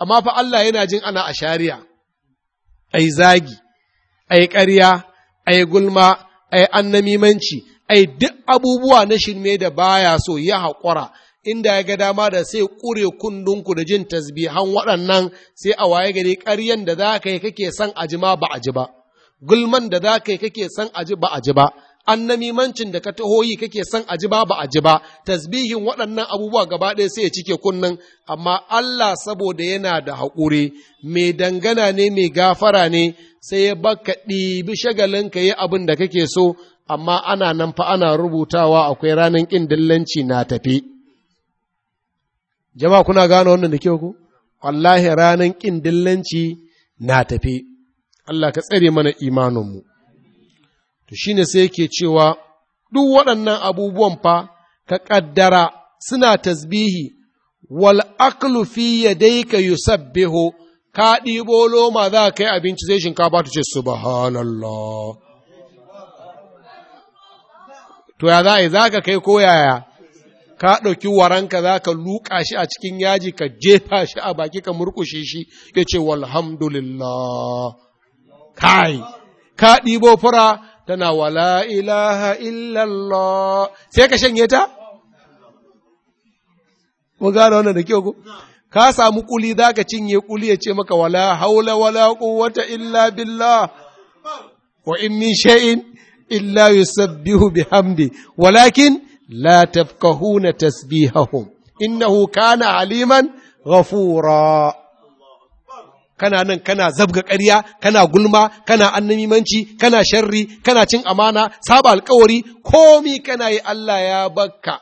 amma fa Allah yana jin ana a shari'a, ai zagi, ai ƙarya, ai gulma, ai annamimanci, ai duk abubuwa na shirme da baya so ya haƙura, inda ya ga dama da sai ƙure kundunku da jin tasbihan waɗannan sai a waye gari ƙaryan da za ka yi kake son a ji ma ba a ji ba, gulman da za ka yi kake son a ji ba a ji ba, annamimancin da ka tahoyi kake son a ba ba a ba tasbihin waɗannan abubuwa gaba ɗaya sai ya cike kunnan amma Allah saboda yana da haƙuri mai dangana ne mai gafara ne sai ya baka ɗibi shagalin ka yi abin da kake so amma ana nan fa ana rubutawa akwai ranar ƙin dillanci na tafi jama'a kuna gane wannan da ke ku wallahi ranar ƙin dillanci na tafi Allah ka tsare mana imaninmu to shine sai yake cewa duk waɗannan abubuwan fa ka ƙaddara suna tasbihi wal aqlu fi yadayka yusabbihu ka ɗibo loma za ka yi abinci sai shinkafa ta ce subhanallah to ya za a yi za ka kai ko yaya ka ɗauki waranka za ka luƙa shi a cikin yaji ka jefa shi a baki ka murkushe shi ya ce walhamdulillah kai ka ɗibo fura tana wala ilaha illallah sai ka shanye ta? Mun gane wannan da kyau ko? Ka samu kuli za ka cinye kuli ya ce maka wala haula wala quwwata illa billah wa in min shay'in illa yusabbihu bihamdi walakin la tafqahuna tasbihahum innahu kana aliman ghafura kana nan kana zabga ƙarya kana gulma kana annamimanci kana sharri kana cin amana saba alkawari komi kana yi Allah ya bakka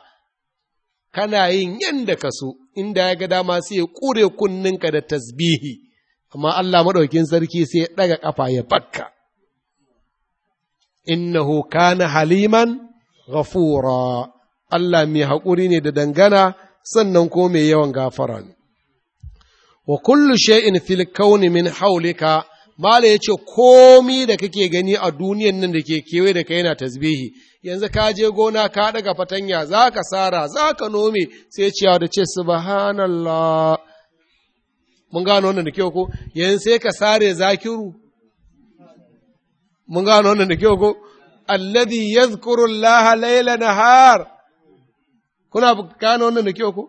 kana yin yanda ka so inda ya ga dama sai ya kure kunninka da tasbihi amma Allah maɗaukin sarki sai ya ɗaga kafa ya bakka innahu kana haliman ghafura Allah mai haƙuri ne da dangana sannan ko mai yawan gafara ne wa kullu shay'in fil kauni min hawlika mala yace komi da kake gani a duniyan nan da ke kewe da kai yana tasbihi yanzu ka je gona ka daga fatanya zaka sara zaka nome sai ciyawa da ce subhanallah mun gano wannan da kyau ko yanzu sai ka sare zakiru mun gano wannan da kyau ko alladhi yadhkuru Allah layla nahar kuna gano wannan da kyau ko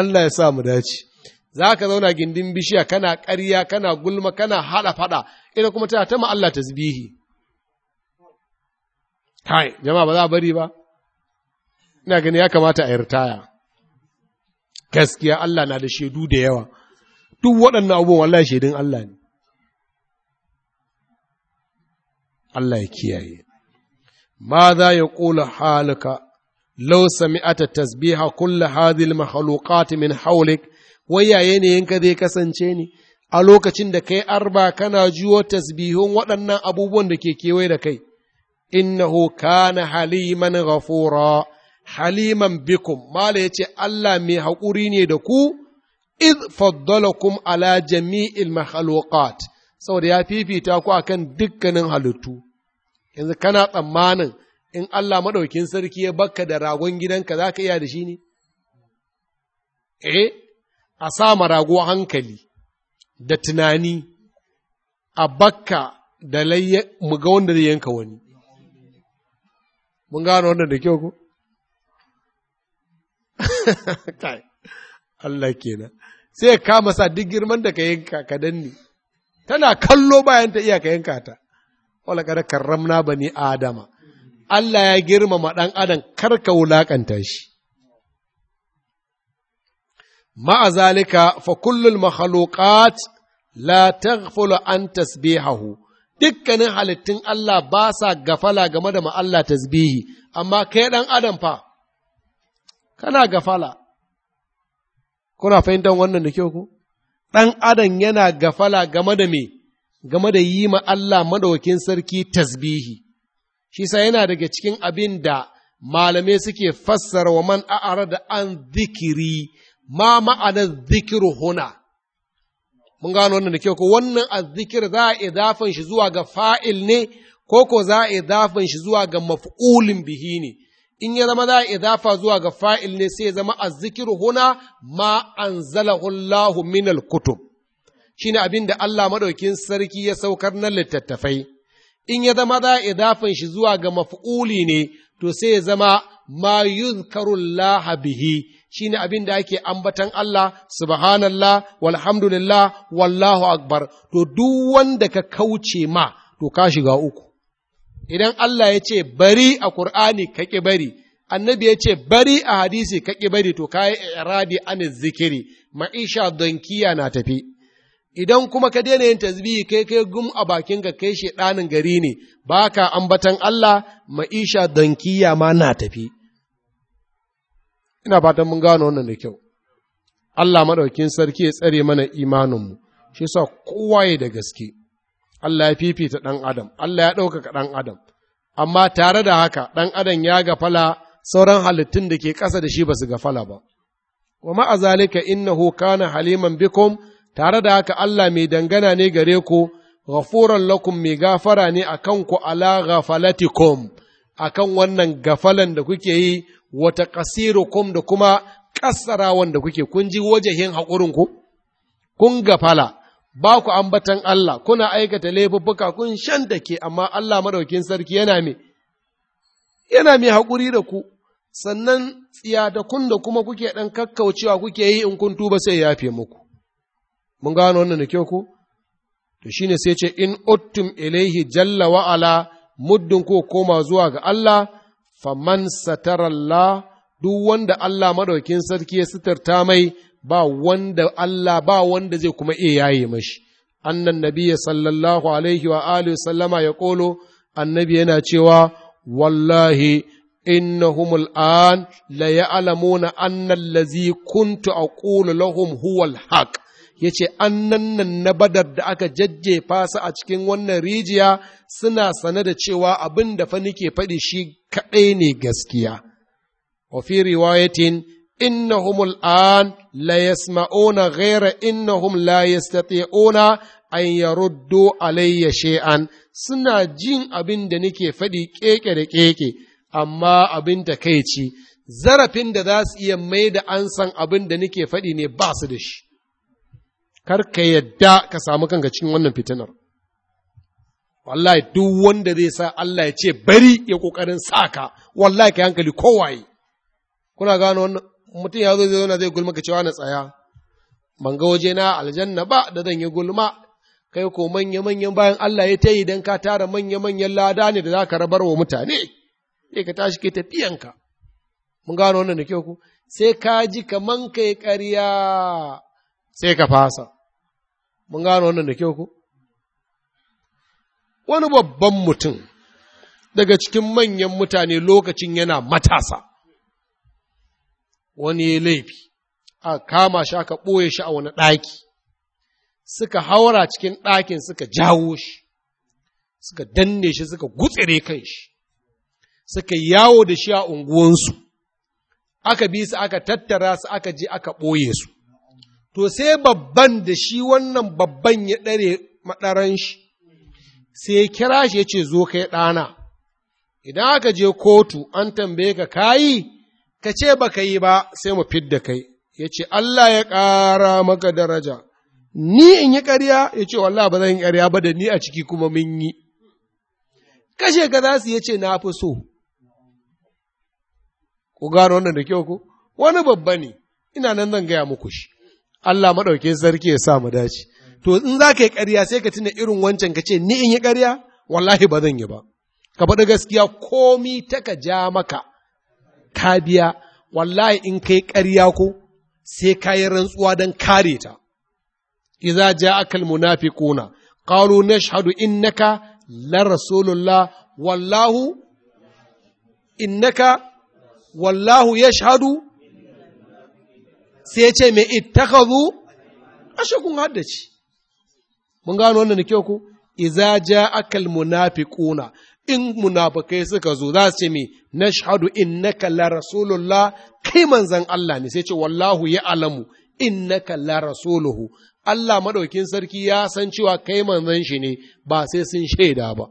Allah ya sa mu dace za ka zauna gindin bishiya kana ƙarya kana gulma kana haɗa faɗa ina kuma tana ta Allah tasbihi kai jama'a ba za a bari ba ina gani ya kamata a ritaya gaskiya Allah na da shaidu da yawa duk waɗannan abubuwan wallahi shaidun Allah ne Allah ya kiyaye ma za ya ƙula halaka lau sami'ata tasbiha kulla hadhihi al-makhluqat min hawlik wai ya yanka zai kasance ne a lokacin da kai arba kana juwo tasbihun waɗannan abubuwan da ke kewaye da kai innahu kana haliman ghafura haliman bikum mala yace Allah mai haƙuri ne da ku id faddalakum ala jami'il makhluqat saboda ya fifita ku akan dukkanin halittu yanzu kana tsammanin in Allah maɗaukin sarki ya bakka da ragon gidanka za ka iya da shi ne? Eh, a sa rago hankali da tunani a bakka da layya mu ga wanda zai yanka wani mun gano wannan da kyau ko kai Allah kenan sai ka kama sa duk girman da ka yanka ka danne tana kallo bayan ta iya ka yanka ta wala kada karramna bani adama Allah ya girmama ɗan adam kar ka shi Ma'azalika zalika fa kullul makhluqat la taghfulu an tasbihahu dukkanin halittun Allah ba sa gafala game da ma'alla tasbihi amma kai ɗan adam fa kana gafala kuna fahimtar wannan da kyau ku ɗan adam yana gafala game da yi ma Allah madawakin sarki tasbihi shi yana daga cikin abin da malamai suke fassara wa man a'ara da an zikiri ma ma'anar zikiru huna. Mun gano wannan da ke ko wannan azzikir za a idafan shi zuwa ga fa'il ne ko ko za a idafan shi zuwa ga maf'ulin bihi ne. In ya zama za a idafa zuwa ga fa'il ne sai ya zama azzikiru huna ma anzalahu Allahu minal kutub. Shi ne abin da Allah maɗaukin sarki ya saukar na littattafai. In ya zama za a idafan shi zuwa ga maf'uli ne to sai ya zama ma yuzkarullaha bihi shine abin da ake ambatan Allah subhanallah walhamdulillah wallahu akbar to duk wanda ka kauce ma to ka shiga uku idan Allah ya ce bari a Kur'ani ka ƙi bari annabi ya ce bari a hadisi ka ƙi bari to ka yi iradi an zikiri ma'isha donkiya na tafi idan kuma ka daina yin tasbihi kai kai gum a bakin ka kai shi ɗanin gari ne baka ambatan Allah ma'isha donkiya ma na tafi ina fatan mun gano wannan da kyau Allah maɗaukin sarki ya tsare mana imaninmu shi sa kowa ya da gaske Allah ya fifita ɗan adam Allah ya ɗaukaka ɗan adam amma tare da haka ɗan adam ya gafala sauran halittun da ke ƙasa da shi ba su gafala ba wa ma zalika innahu kana haliman bikum tare da haka Allah mai dangana ne gare ku ghafuran lakum mai gafara ne akan ku ala ghafalatikum akan wannan gafalan da kuke yi wata kasiru kasirukum da kuma kassara wanda kuke kun ji wajahin haƙurin ku kun gafala ba ku ambatan Allah kuna aikata laifuffuka kun shan ke amma Allah madaukin sarki yana me yana mai haƙuri da ku sannan tsiya da kuma kuke ɗan kakkaucewa kuke yi in kun tuba sai yafe muku mun gano wannan da kyau ko to shine sai ce in uttum ilaihi jalla wa muddin ko koma zuwa ga Allah faman satarallah duk wanda Allah madaukin sarki ya sitarta mai ba wanda Allah ba wanda zai kuma iya yaye mashi annan nabiyya sallallahu alaihi wa alihi sallama ya kolo annabi yana cewa wallahi innahum al'an la ya'lamuna anna allazi kuntu aqulu lahum huwa al-haq ya ce an nan na badar da aka jajjefa su a cikin wannan rijiya suna sane da cewa abin da fa nike faɗi shi kaɗai ne gaskiya. Wa fi riwayatin innahum al'an la yasma'una ghaira innahum la yastati'una an yaruddu alayya shay'an suna jin abin da nake faɗi keke da keke amma abin ci zarafin da za su iya maida da an san abin da nake faɗi ne ba su da shi kar ka yadda ka samu kanka cikin wannan fitinar wallahi duk wanda zai sa Allah ya ce bari ya kokarin ka, wallahi ka hankali kowaye kuna gano wannan mutum ya zo zai zauna zai gulma ka cewa na tsaya ban ga waje na aljanna ba da zan yi gulma kai ko manya manyan bayan Allah ya tayi dan ka tara manya manyan lada ne da za ka rabar wa mutane sai ka tashi kai tafiyanka mun gano wannan da kyau ku sai ka ji kaman kai ƙarya sai ka fasa mun gano wannan da kyau ku wani babban mutum daga cikin manyan mutane lokacin yana matasa wani ya laifi a kama shi aka ɓoye shi a wani ɗaki suka haura cikin ɗakin suka jawo shi suka danne shi suka gutsire kan shi suka yawo da shi a unguwansu aka bi su aka tattara su aka je aka ɓoye su to sai babban da shi wannan babban ya ɗare maɗaran shi, sai ya kira shi ya ce zo kai ɗana, idan aka je kotu an tambaye ka kayi, ka ce ba ka yi ba sai mu fidda kai, ya ce Allah ya ƙara maka daraja, ni in yi ƙarya ya ce wallah ba zan yi ƙarya ba da ni a ciki kuma mun yi. Kashe ka za su ya ce na fi so, ku gano wannan da kyau ko? Wani babba ne, ina nan zan gaya muku shi. Allah maɗauke sarki ya sa mu dace to in za ka yi ƙarya sai ka tuna irin wancan ka ce ni in yi ƙarya wallahi ba zan yi ba ka faɗi gaskiya komi ta ka ja maka ka biya wallahi in ka yi ƙarya ko sai ka yi rantsuwa don kare ta idza ja'aka almunafiquna qalu nashhadu innaka la rasulullah wallahu innaka wallahu yashhadu sai ya ce mai ittakazu ashe kun haddace mun gano wannan da kyau ku iza ja akal kuna, in munafikai suka zo za su ce mai nashhadu na kalla rasulullah kai manzan Allah ne sai ce wallahu ya alamu in na kalla rasuluhu Allah madaukin sarki ya san cewa kai manzon shi ne ba sai sun shaida ba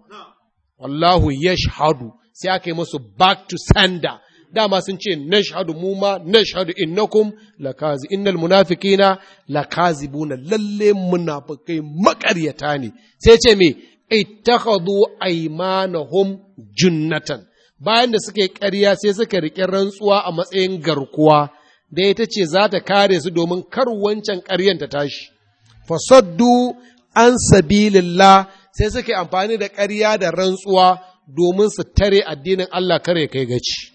wallahu ya shahadu sai aka yi musu back to sender dama sun ce nashhadu mu ma nashhadu innakum lakazi innal munafiqina lakazibuna lalle munafiqai makaryata ne sai ce me ittakhadhu aymanahum junnatan bayan da suka yi ƙarya sai suka riƙe rantsuwa a matsayin garkuwa da ita ce za ta kare su domin kar wancan ƙaryan ta tashi fasaddu an sabilillah sai suke amfani da ƙarya da rantsuwa domin su tare addinin Allah kare kai gaci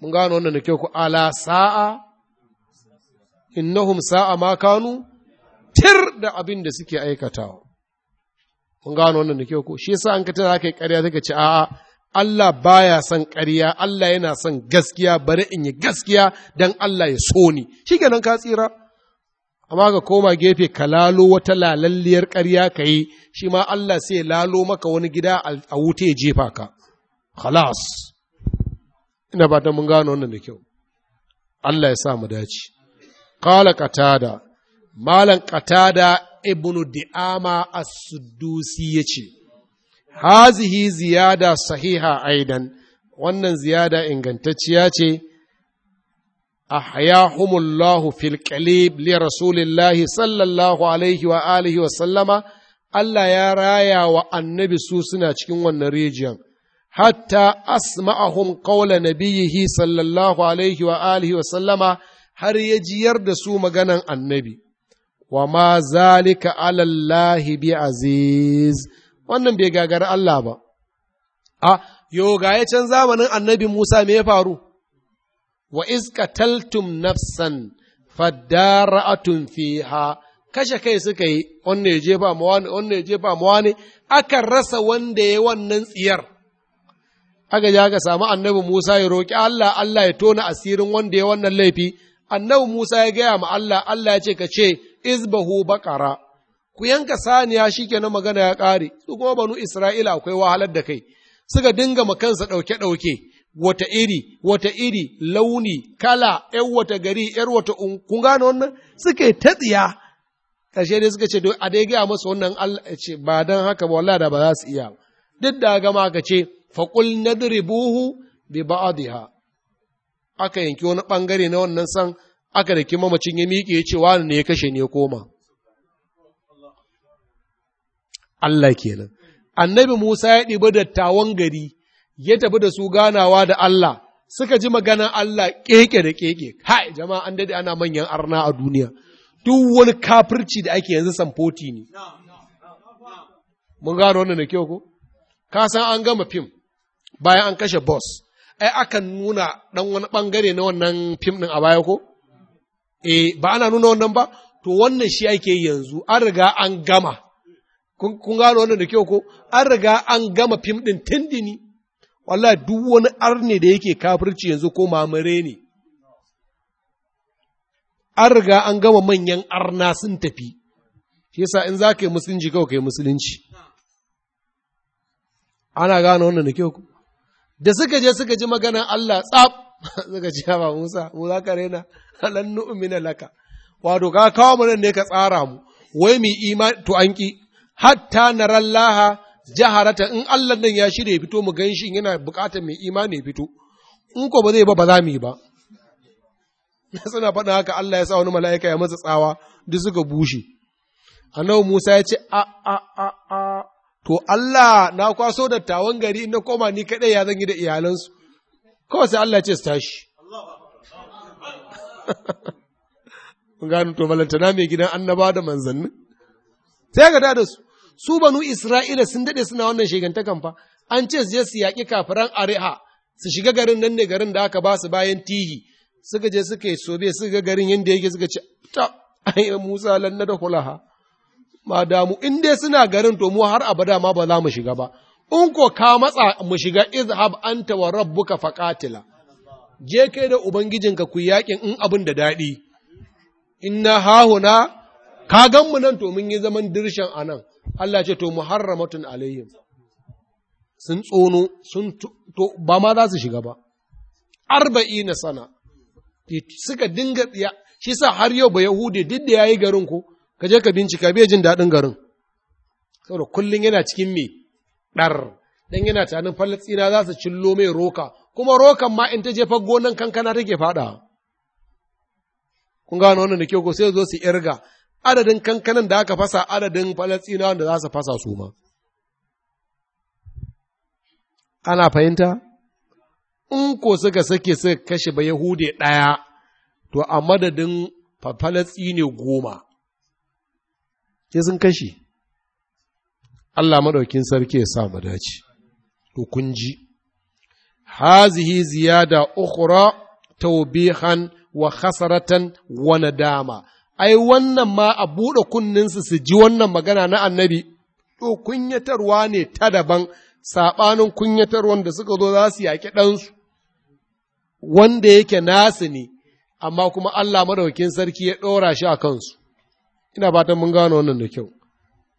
mun gano wannan da kyau ku ala sa'a innahum sa'a ma kanu tir da abin da suke aikatawa mun gano wannan da kyau ku shi yasa an ka tana kai ƙarya take ci a'a Allah baya son ƙarya Allah yana son gaskiya bari in yi gaskiya dan Allah ya so ni shikenan ka tsira amma ka koma gefe ka lalo wata lalalliyar ƙarya ka yi shi ma Allah sai lalo maka wani gida a wuta ya jefa ka khalas ina ba ta mun gano wannan da kyau Allah ya sa mu dace qala qatada malan qatada ibnu di'ama as-suddusi yace hazihi ziyada sahiha aidan wannan ziyada ingantacciya ce ahyahumullahu fil qalib li rasulillahi sallallahu alaihi wa alihi wa sallama Allah ya raya wa annabi su suna cikin wannan rijiyon. hatta أسمعهم قول نبيه sallallahu alaihi عليه وآله wa sallama har ya jiyar da su maganan annabi wa ma zalika alallahi bi aziz wannan bai gagari Allah ba a yo ga ya can zamanin annabi Musa me ya faru wa iskataltum nafsan fadara'atun fiha kashe kai suka yi wannan ya jefa ma wani wannan ya wani akan rasa wanda ya wannan tsiyar aka ja ka samu annabi Musa ya roƙi Allah Allah ya tona asirin wanda ya wannan laifi annabi Musa ya gaya ma Allah Allah ya ce ka ce izbahu baqara ku yanka saniya shikenan magana ya ƙare su kuma banu Isra'ila akwai wahalar da kai suka dinga ma kansa ɗauke ɗauke wata iri wata iri launi kala ƴar wata gari ƴar wata kun gane wannan suke ta tsiya ƙarshe dai suka ce a dai gaya masa wannan Allah ya ce ba dan haka ba wallahi da ba za su iya duk da gama ka ce faƙul nadribuhu bi ba'adiha aka yanki wani ɓangare na wannan san aka da kima macin ya miƙe ya ce wani ne ya kashe ne ya koma Allah kenan annabi Musa ya da dattawan gari ya tafi da su ganawa da Allah suka ji maganar Allah keke da keke hai jama'a an dade ana manyan arna a duniya duk wani kafirci da ake yanzu samfoti ne mun gano wannan da kyau ko ka san an gama fim bayan an kashe boss ai akan nuna dan wani bangare na wannan fim din a baya ko eh ba ana nuna wannan ba to wannan shi ake yanzu an riga an gama kun gano wannan da kyau ko an riga an gama fim din tindini wallahi duk wani arne da yake kafirci yanzu ko mamare ne an riga an gama manyan arna sun tafi shi yasa in za ka yi musulunci kawai ka yi musulunci ana gano wannan da kyau ko. da suka je suka ji maganan Allah tsab suka ce ba Musa mu za ka rena lan nu'mina laka wato ka kawo mu ne ka tsara mu wai mu iman? to an ki hatta narallaha jaharata in Allah nan ya shirya fito mu gan shi yana bukatar mai imani fito in ko ba zai ba ba za mu yi ba suna faɗin haka Allah ya sa wani mala'ika ya masa tsawa duk suka bushe annabi Musa ya ce a a a a to Allah na kwaso dattawan gari na koma ni kaɗai ya zangi da iyalansu, kawai sai Allah ce su tashi. Gano to balantana mai gidan annaba da manzannin. Sai ga da su, su banu Isra'ila sun daɗe suna wannan shegantakan fa, an ce su je su yaƙi kafiran Ariha, su shiga garin nan ne garin da aka ba su bayan tihi, suka je suka yi sobe suka ga garin yadda yake suka ce, ta, ai Musa lannada na da hulaha. Madamu, damu in dai suna garin to mu har abada ma ba za mu shiga ba in ko ka matsa mu shiga izhab anta wa rabbuka faqatila je kai da ubangijinka ku yakin in abin da dadi. inna hahuna ka gan mu nan to mun yi zaman dirshan anan Allah ce to muharramatun alaihim sun tsono sun to ba ma za su shiga ba arba'ina sana suka dinga ya, shi sa har yau ba Yahudi duk da yayi garin ko ka je ka bincika bai jin daɗin garin saboda kullum yana cikin mai ɗar dan yana tunanin falastina za su cillo mai roka kuma rokan ma in ta jefa gonan kankana take faɗa kun gano wannan da kyau ko sai zo su irga adadin kankanan da aka fasa adadin falastina da za su fasa su ma ana fahimta in ko suka sake suka kashe ba yahude ɗaya to a madadin ne goma sai sun kashi Allah maɗaukin sarki ya sa mu dace to kun ji hazihi ziyada ukhra tawbihan wa khasaratan wa nadama ai wannan ma a buɗe kunninsu su ji wannan magana na annabi to kunyatarwa ne ta daban saɓanin kunyatarwan da suka zo za su yaƙi ɗansu wanda yake nasu ne amma kuma Allah maɗaukin sarki ya ɗora shi a kansu ina ta mun gano wannan da kyau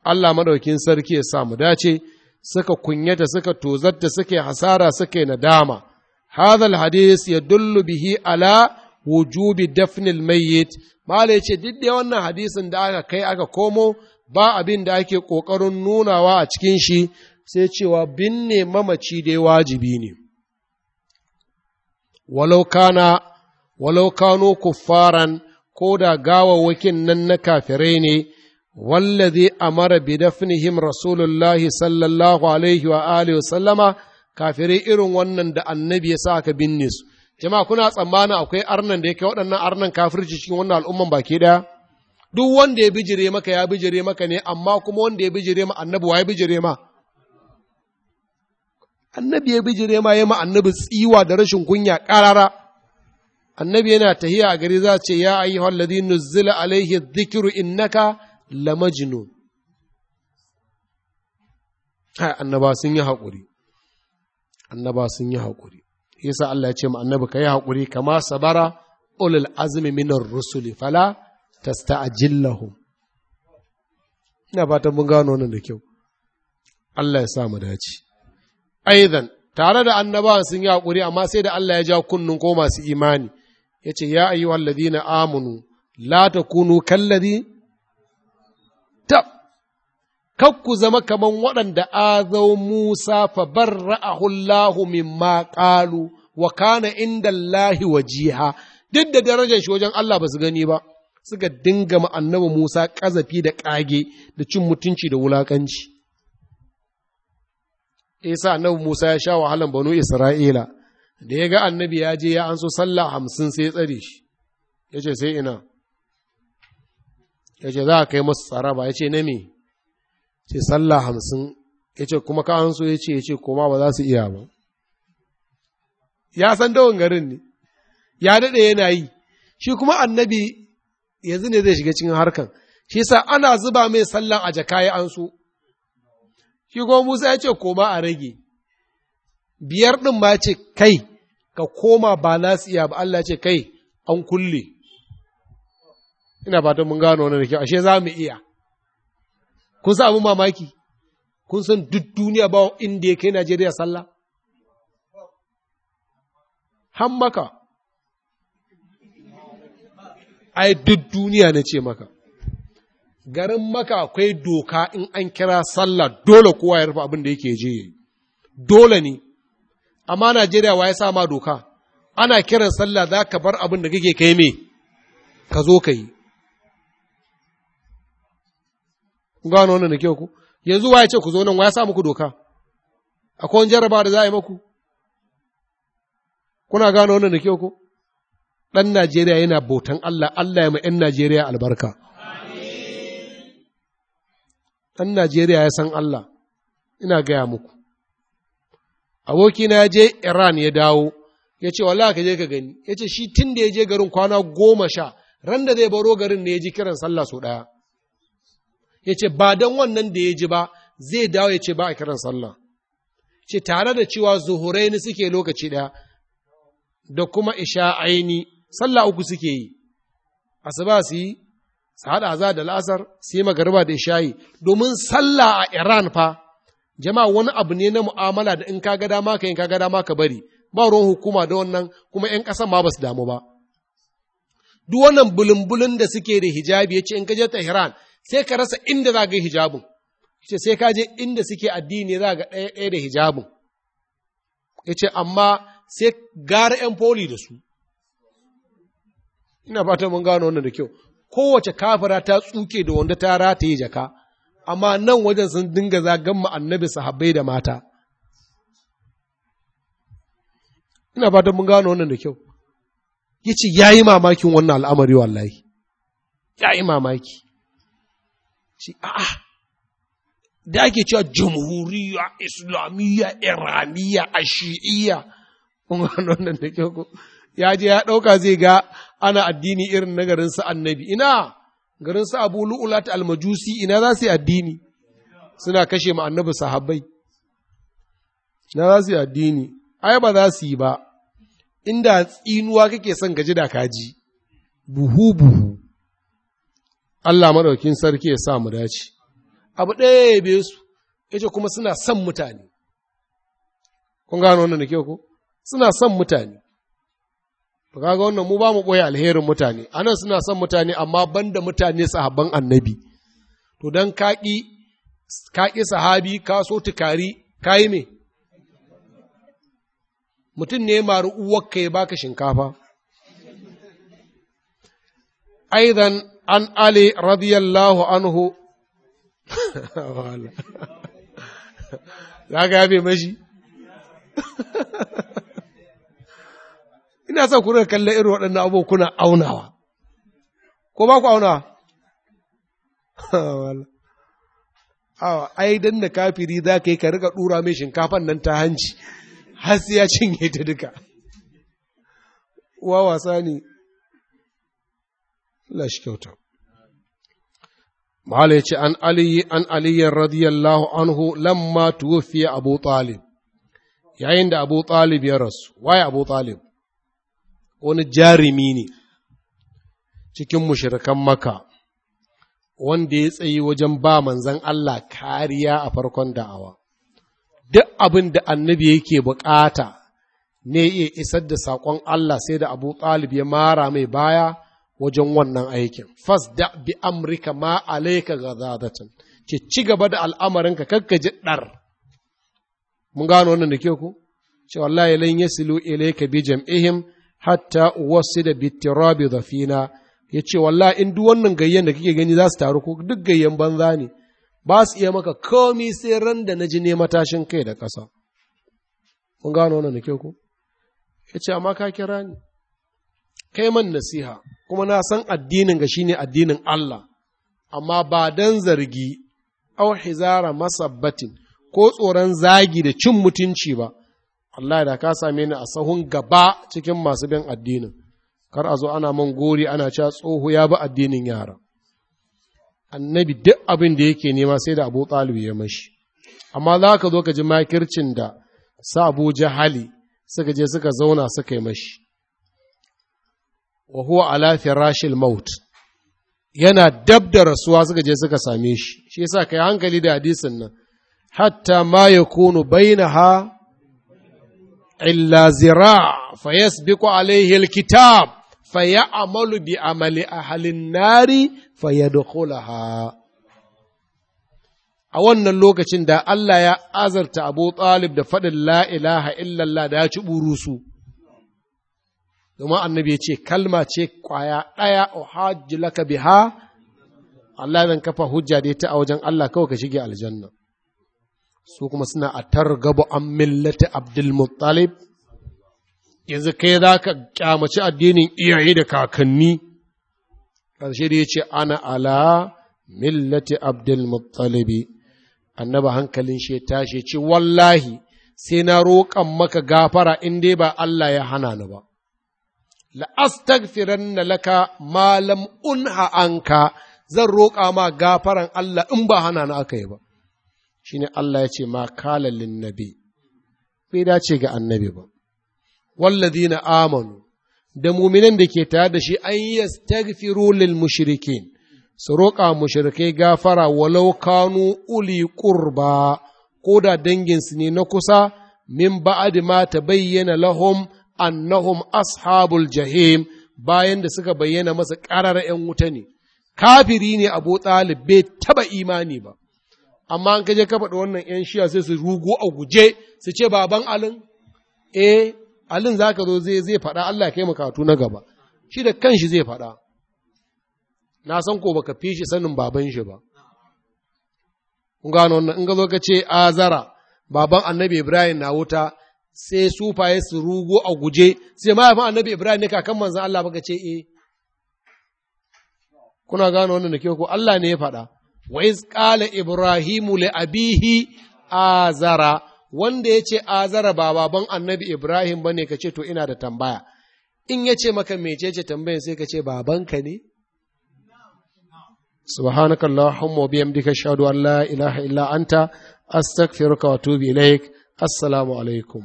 Allah madaukin sarki ya sa mu dace suka kunyata suka tozarta suke hasara suke nadama hadha ya dullu bihi ala wujubi dafnil mayyit mala yace duk da wannan hadisin da aka kai aka komo ba abin da ake kokarin nunawa a cikin shi sai cewa binne mamaci dai wajibi ne walau kana walau kano ko da gawawwakin nan na kafirai ne wallazi amara bi dafnihim rasulullahi sallallahu alaihi wa alihi wa sallama kafirai irin wannan da annabi ya sa aka binne su jama'a kuna tsammanin akwai arnan da ya kai waɗannan arnan kafirci cikin wannan al'umman baki ɗaya? duk wanda ya bijire maka ya bijire maka ne amma kuma wanda ya bijire ma annabi wa ya bijire ma annabi ya bijire ma ya ma annabi tsiwa da rashin kunya ƙarara annabi yana tahiya a gari za ce ya ayyuhal ladhi nuzzila alayhi dhikru innaka lamajnun kai annaba sun yi haƙuri annaba sun yi haƙuri yasa Allah ya ce ma annabi yi haƙuri kama sabara ulul azmi minar rusuli fala tasta'jilhum ina fatan mun gano nan da kyau Allah ya sa mu dace aidan tare da annabawan sun yi haƙuri amma sai da Allah ya ja kunnun ko masu imani ya ce ya ayi wallazina amunu la takunu kallazi tab kak ku zama kaman waɗanda azau Musa fa barra'ahu Allahu mimma qalu wa kana inda Allah wajiha duk da darajar shi wajen Allah ba su gani ba suka dinga annabi Musa ƙazafi da ƙage da cin mutunci da wulaƙanci. Isa annabi Musa ya sha wahalan banu Isra'ila, da ya ga annabi ya je ya anso sallah hamsin sai ya tsare shi ya ce sai ina ya ce za a kai masu ba. ya ce na me ce sallah hamsin ya ce kuma ka anso ya ce ya ce koma ba za su iya ba ya san dawon garin ne ya daɗe yana yi shi kuma annabi yanzu ne zai shiga cikin harkan shi sa ana zuba mai sallan a jaka ya anso shi kuma musa ya ce koma a rage biyar ɗin ma ce kai ka koma ba na iya ba Allah ce kai an kulle ina fatan mun gano wani da kyau ashe za mu iya kun san abin mamaki kun san duk duniya ba inda ya kai Najeriya sallah han maka ai duk duniya na ce maka garin maka akwai doka in an kira sallah dole kowa ya rufe abin da yake je dole ne amma Najeriya wa ya sa ma doka ana kiran sallah za ka bar abin da kake kai me ka zo ka yi gano wannan da kyau ku yanzu wa ya ce ku zo nan wa ya sa muku doka akwai wani jarraba da za a yi muku kuna gano wannan da kyau ku ɗan Najeriya yana bautan Allah Allah ya ma Najeriya albarka ɗan Najeriya ya san Allah ina gaya muku abokina ya je iran ya dawo ya ce wala ka je ka gani ya ce shi tun da ya je garin kwana goma sha ran da zai baro garin ne ya ji kiran sallah sau ɗaya ya ce ba don wannan da ya ji ba zai dawo ya ce ba a kiran sallah ce tare da cewa zuhurai ni suke lokaci ɗaya da kuma isha aini sallah uku suke yi asuba su yi su haɗa za da la'asar su yi magariba da yi domin sallah a iran fa jama'a wani abu ne na mu'amala da in ka ga dama ka in ka ga dama ka bari ba ruwan hukuma da wannan kuma 'yan kasa ma ba su damu ba duk wannan bulunbulun da suke da hijabi ya ce in ka je Tehran sai ka rasa inda za yi hijabin ce sai ka je inda suke addini za ga ɗaya ɗaya da hijabin ya amma sai gara 'yan foli da su ina fata mun gano wannan da kyau kowace kafara ta tsuke da wanda ta rataye jaka amma nan wajen sun dinga zagan mu annabi sahabbai da mata ina fatan mun gano wannan da kyau Ya ce ya yi mamakin wannan al'amari wallahi Ya yi mamaki shi a'a da ake cewa jamhuriya islamiyya iraniya ashi'iyya Mun gano wannan da kyau ko ya je ya ɗauka zai ga ana addini irin na garin annabi ina garin su abu lu'ulat almajusi ina za su yi addini suna kashe mu annabi sahabbai ina za su yi addini ai ba za su yi ba inda tsinuwa kake son gaji da kaji buhu buhu Allah madaukin sarki ya sa mu dace abu ɗaya ya be su yace kuma suna son mutane kun gano wannan da ke ko suna son mutane ka ga wannan mu ba mu boye alherin mutane anan suna son mutane amma ban da mutane sahabban annabi to don kaki sahabi ka so tukari yi me mutum ne mari uwarka ya baka shinkafa aidan an ali radiyallahu anhu za ka yabe mashi ina sa ku rika kallon irin waɗannan abubuwa kuna aunawa ko ba ku aunawa awa ai dan da kafiri za ka yi ka rika ɗura mai shinkafan nan ta hanci har ya cinye ta duka wa wasa ne Allah shi kyauta Mahala ce an aliyi an aliyar radiyallahu anhu lamma tuwufiya Abu Talib yayin da Abu Talib ya rasu waye Abu Talib wani jarumi ne cikin mushirikan maka wanda ya tsayi wajen ba manzan Allah kariya a farkon da'awa duk abin da annabi yake bukata ne iya isar da saƙon Allah sai da Abu ɗalib ya mara mai baya wajen wannan aikin. Fas da bi Amurka ma alaika ga zadatin, ke ci gaba da al'amarinka kakkaji ɗar. Mun gano wannan da ke ku? Ce wallahi lan yasilu ilaika bi jam'ihim hatta wasu da bitirabi zafina ya ce walla in duk wannan gayyan da kike gani za su taru ko duk gayyan banza ne ba su iya maka komi sai ran da na ji ne matashin kai da ƙasa kun gano wannan da kyau ko ya ce amma ka kira ni kai man nasiha kuma na san addinin ga ne addinin Allah amma ba dan zargi au hizara masabbatin ko tsoron zagi da cin mutunci ba Allah da ka same ni a sahun gaba cikin masu bin addinin kar a zo ana man gori ana cewa tsoho ya bi addinin yara annabi duk abin da yake nema sai da abu talib ya mashi amma za ka zo ka ji makircin da sa abu jahali suka je suka zauna suka yi mashi wa huwa ala firashil maut yana dab da rasuwa suka je suka same shi shi yasa yi hankali da hadisin nan hatta ma yakunu bainaha illa zira fa yasbiqu alayhi alkitab fa ya'malu bi amali halin nari fa yadkhulaha a wannan lokacin da Allah ya azarta Abu Talib da faɗin la ilaha illallah da ya ci burusu domin annabi ya ce kalma ce kwaya ɗaya hajji laka biha Allah zan kafa hujja da ta a wajen Allah kawai ka shige aljanna su kuma suna a targabu an millati abdulmuttalib yanzu kai za ka kyamaci addinin iyaye da kakanni ƙarshe da ya ce ana ala millati abdulmuttalibi annaba hankalin shi ya tashi ce wallahi sai na roƙon maka gafara in dai ba Allah ya hana ni ba na laka malam unha anka zan roƙa ma gafaran Allah in ba hana ni aka yi ba shine Allah ya ce ma kalalin nabi bai dace ga annabi ba na amanu da muminan da ke tare da shi an yastaghfiru lil mushrikin su roƙa mushrikai gafara walau kanu uli ko da danginsu ne na kusa min ba'ad ma ta bayyana lahum annahum ashabul jahim bayan da suka bayyana masa ƙarar ‘yan wuta ne, kafiri ne abu ɗalib bai taɓa imani ba, amma an kaje ka faɗi wannan ‘yan shiya sai su rugo a guje su ce baban alin eh alin za ka zo zai faɗa Allah kai makatu na gaba shi da kanshi zai faɗa na san ko baka fi shi sanin baban shi ba kun gano wannan in ga zo ka ce azara baban annabi ibrahim na wuta sai sufaye su rugo a guje sai mahaifin annabi ibrahim ne kakan manzan Allah baka ce eh kuna gano wannan da ke ko Allah ne ya faɗa wa iz qala ibrahimu li abihi azara wanda yace azara ba baban annabi ibrahim ba bane kace to ina da tambaya in yace maka ce tambayan sai kace babanka ne سبحانك اللهم وبحمدك اشهد ان لا اله الا انت استغفرك واتوب اليك السلام عليكم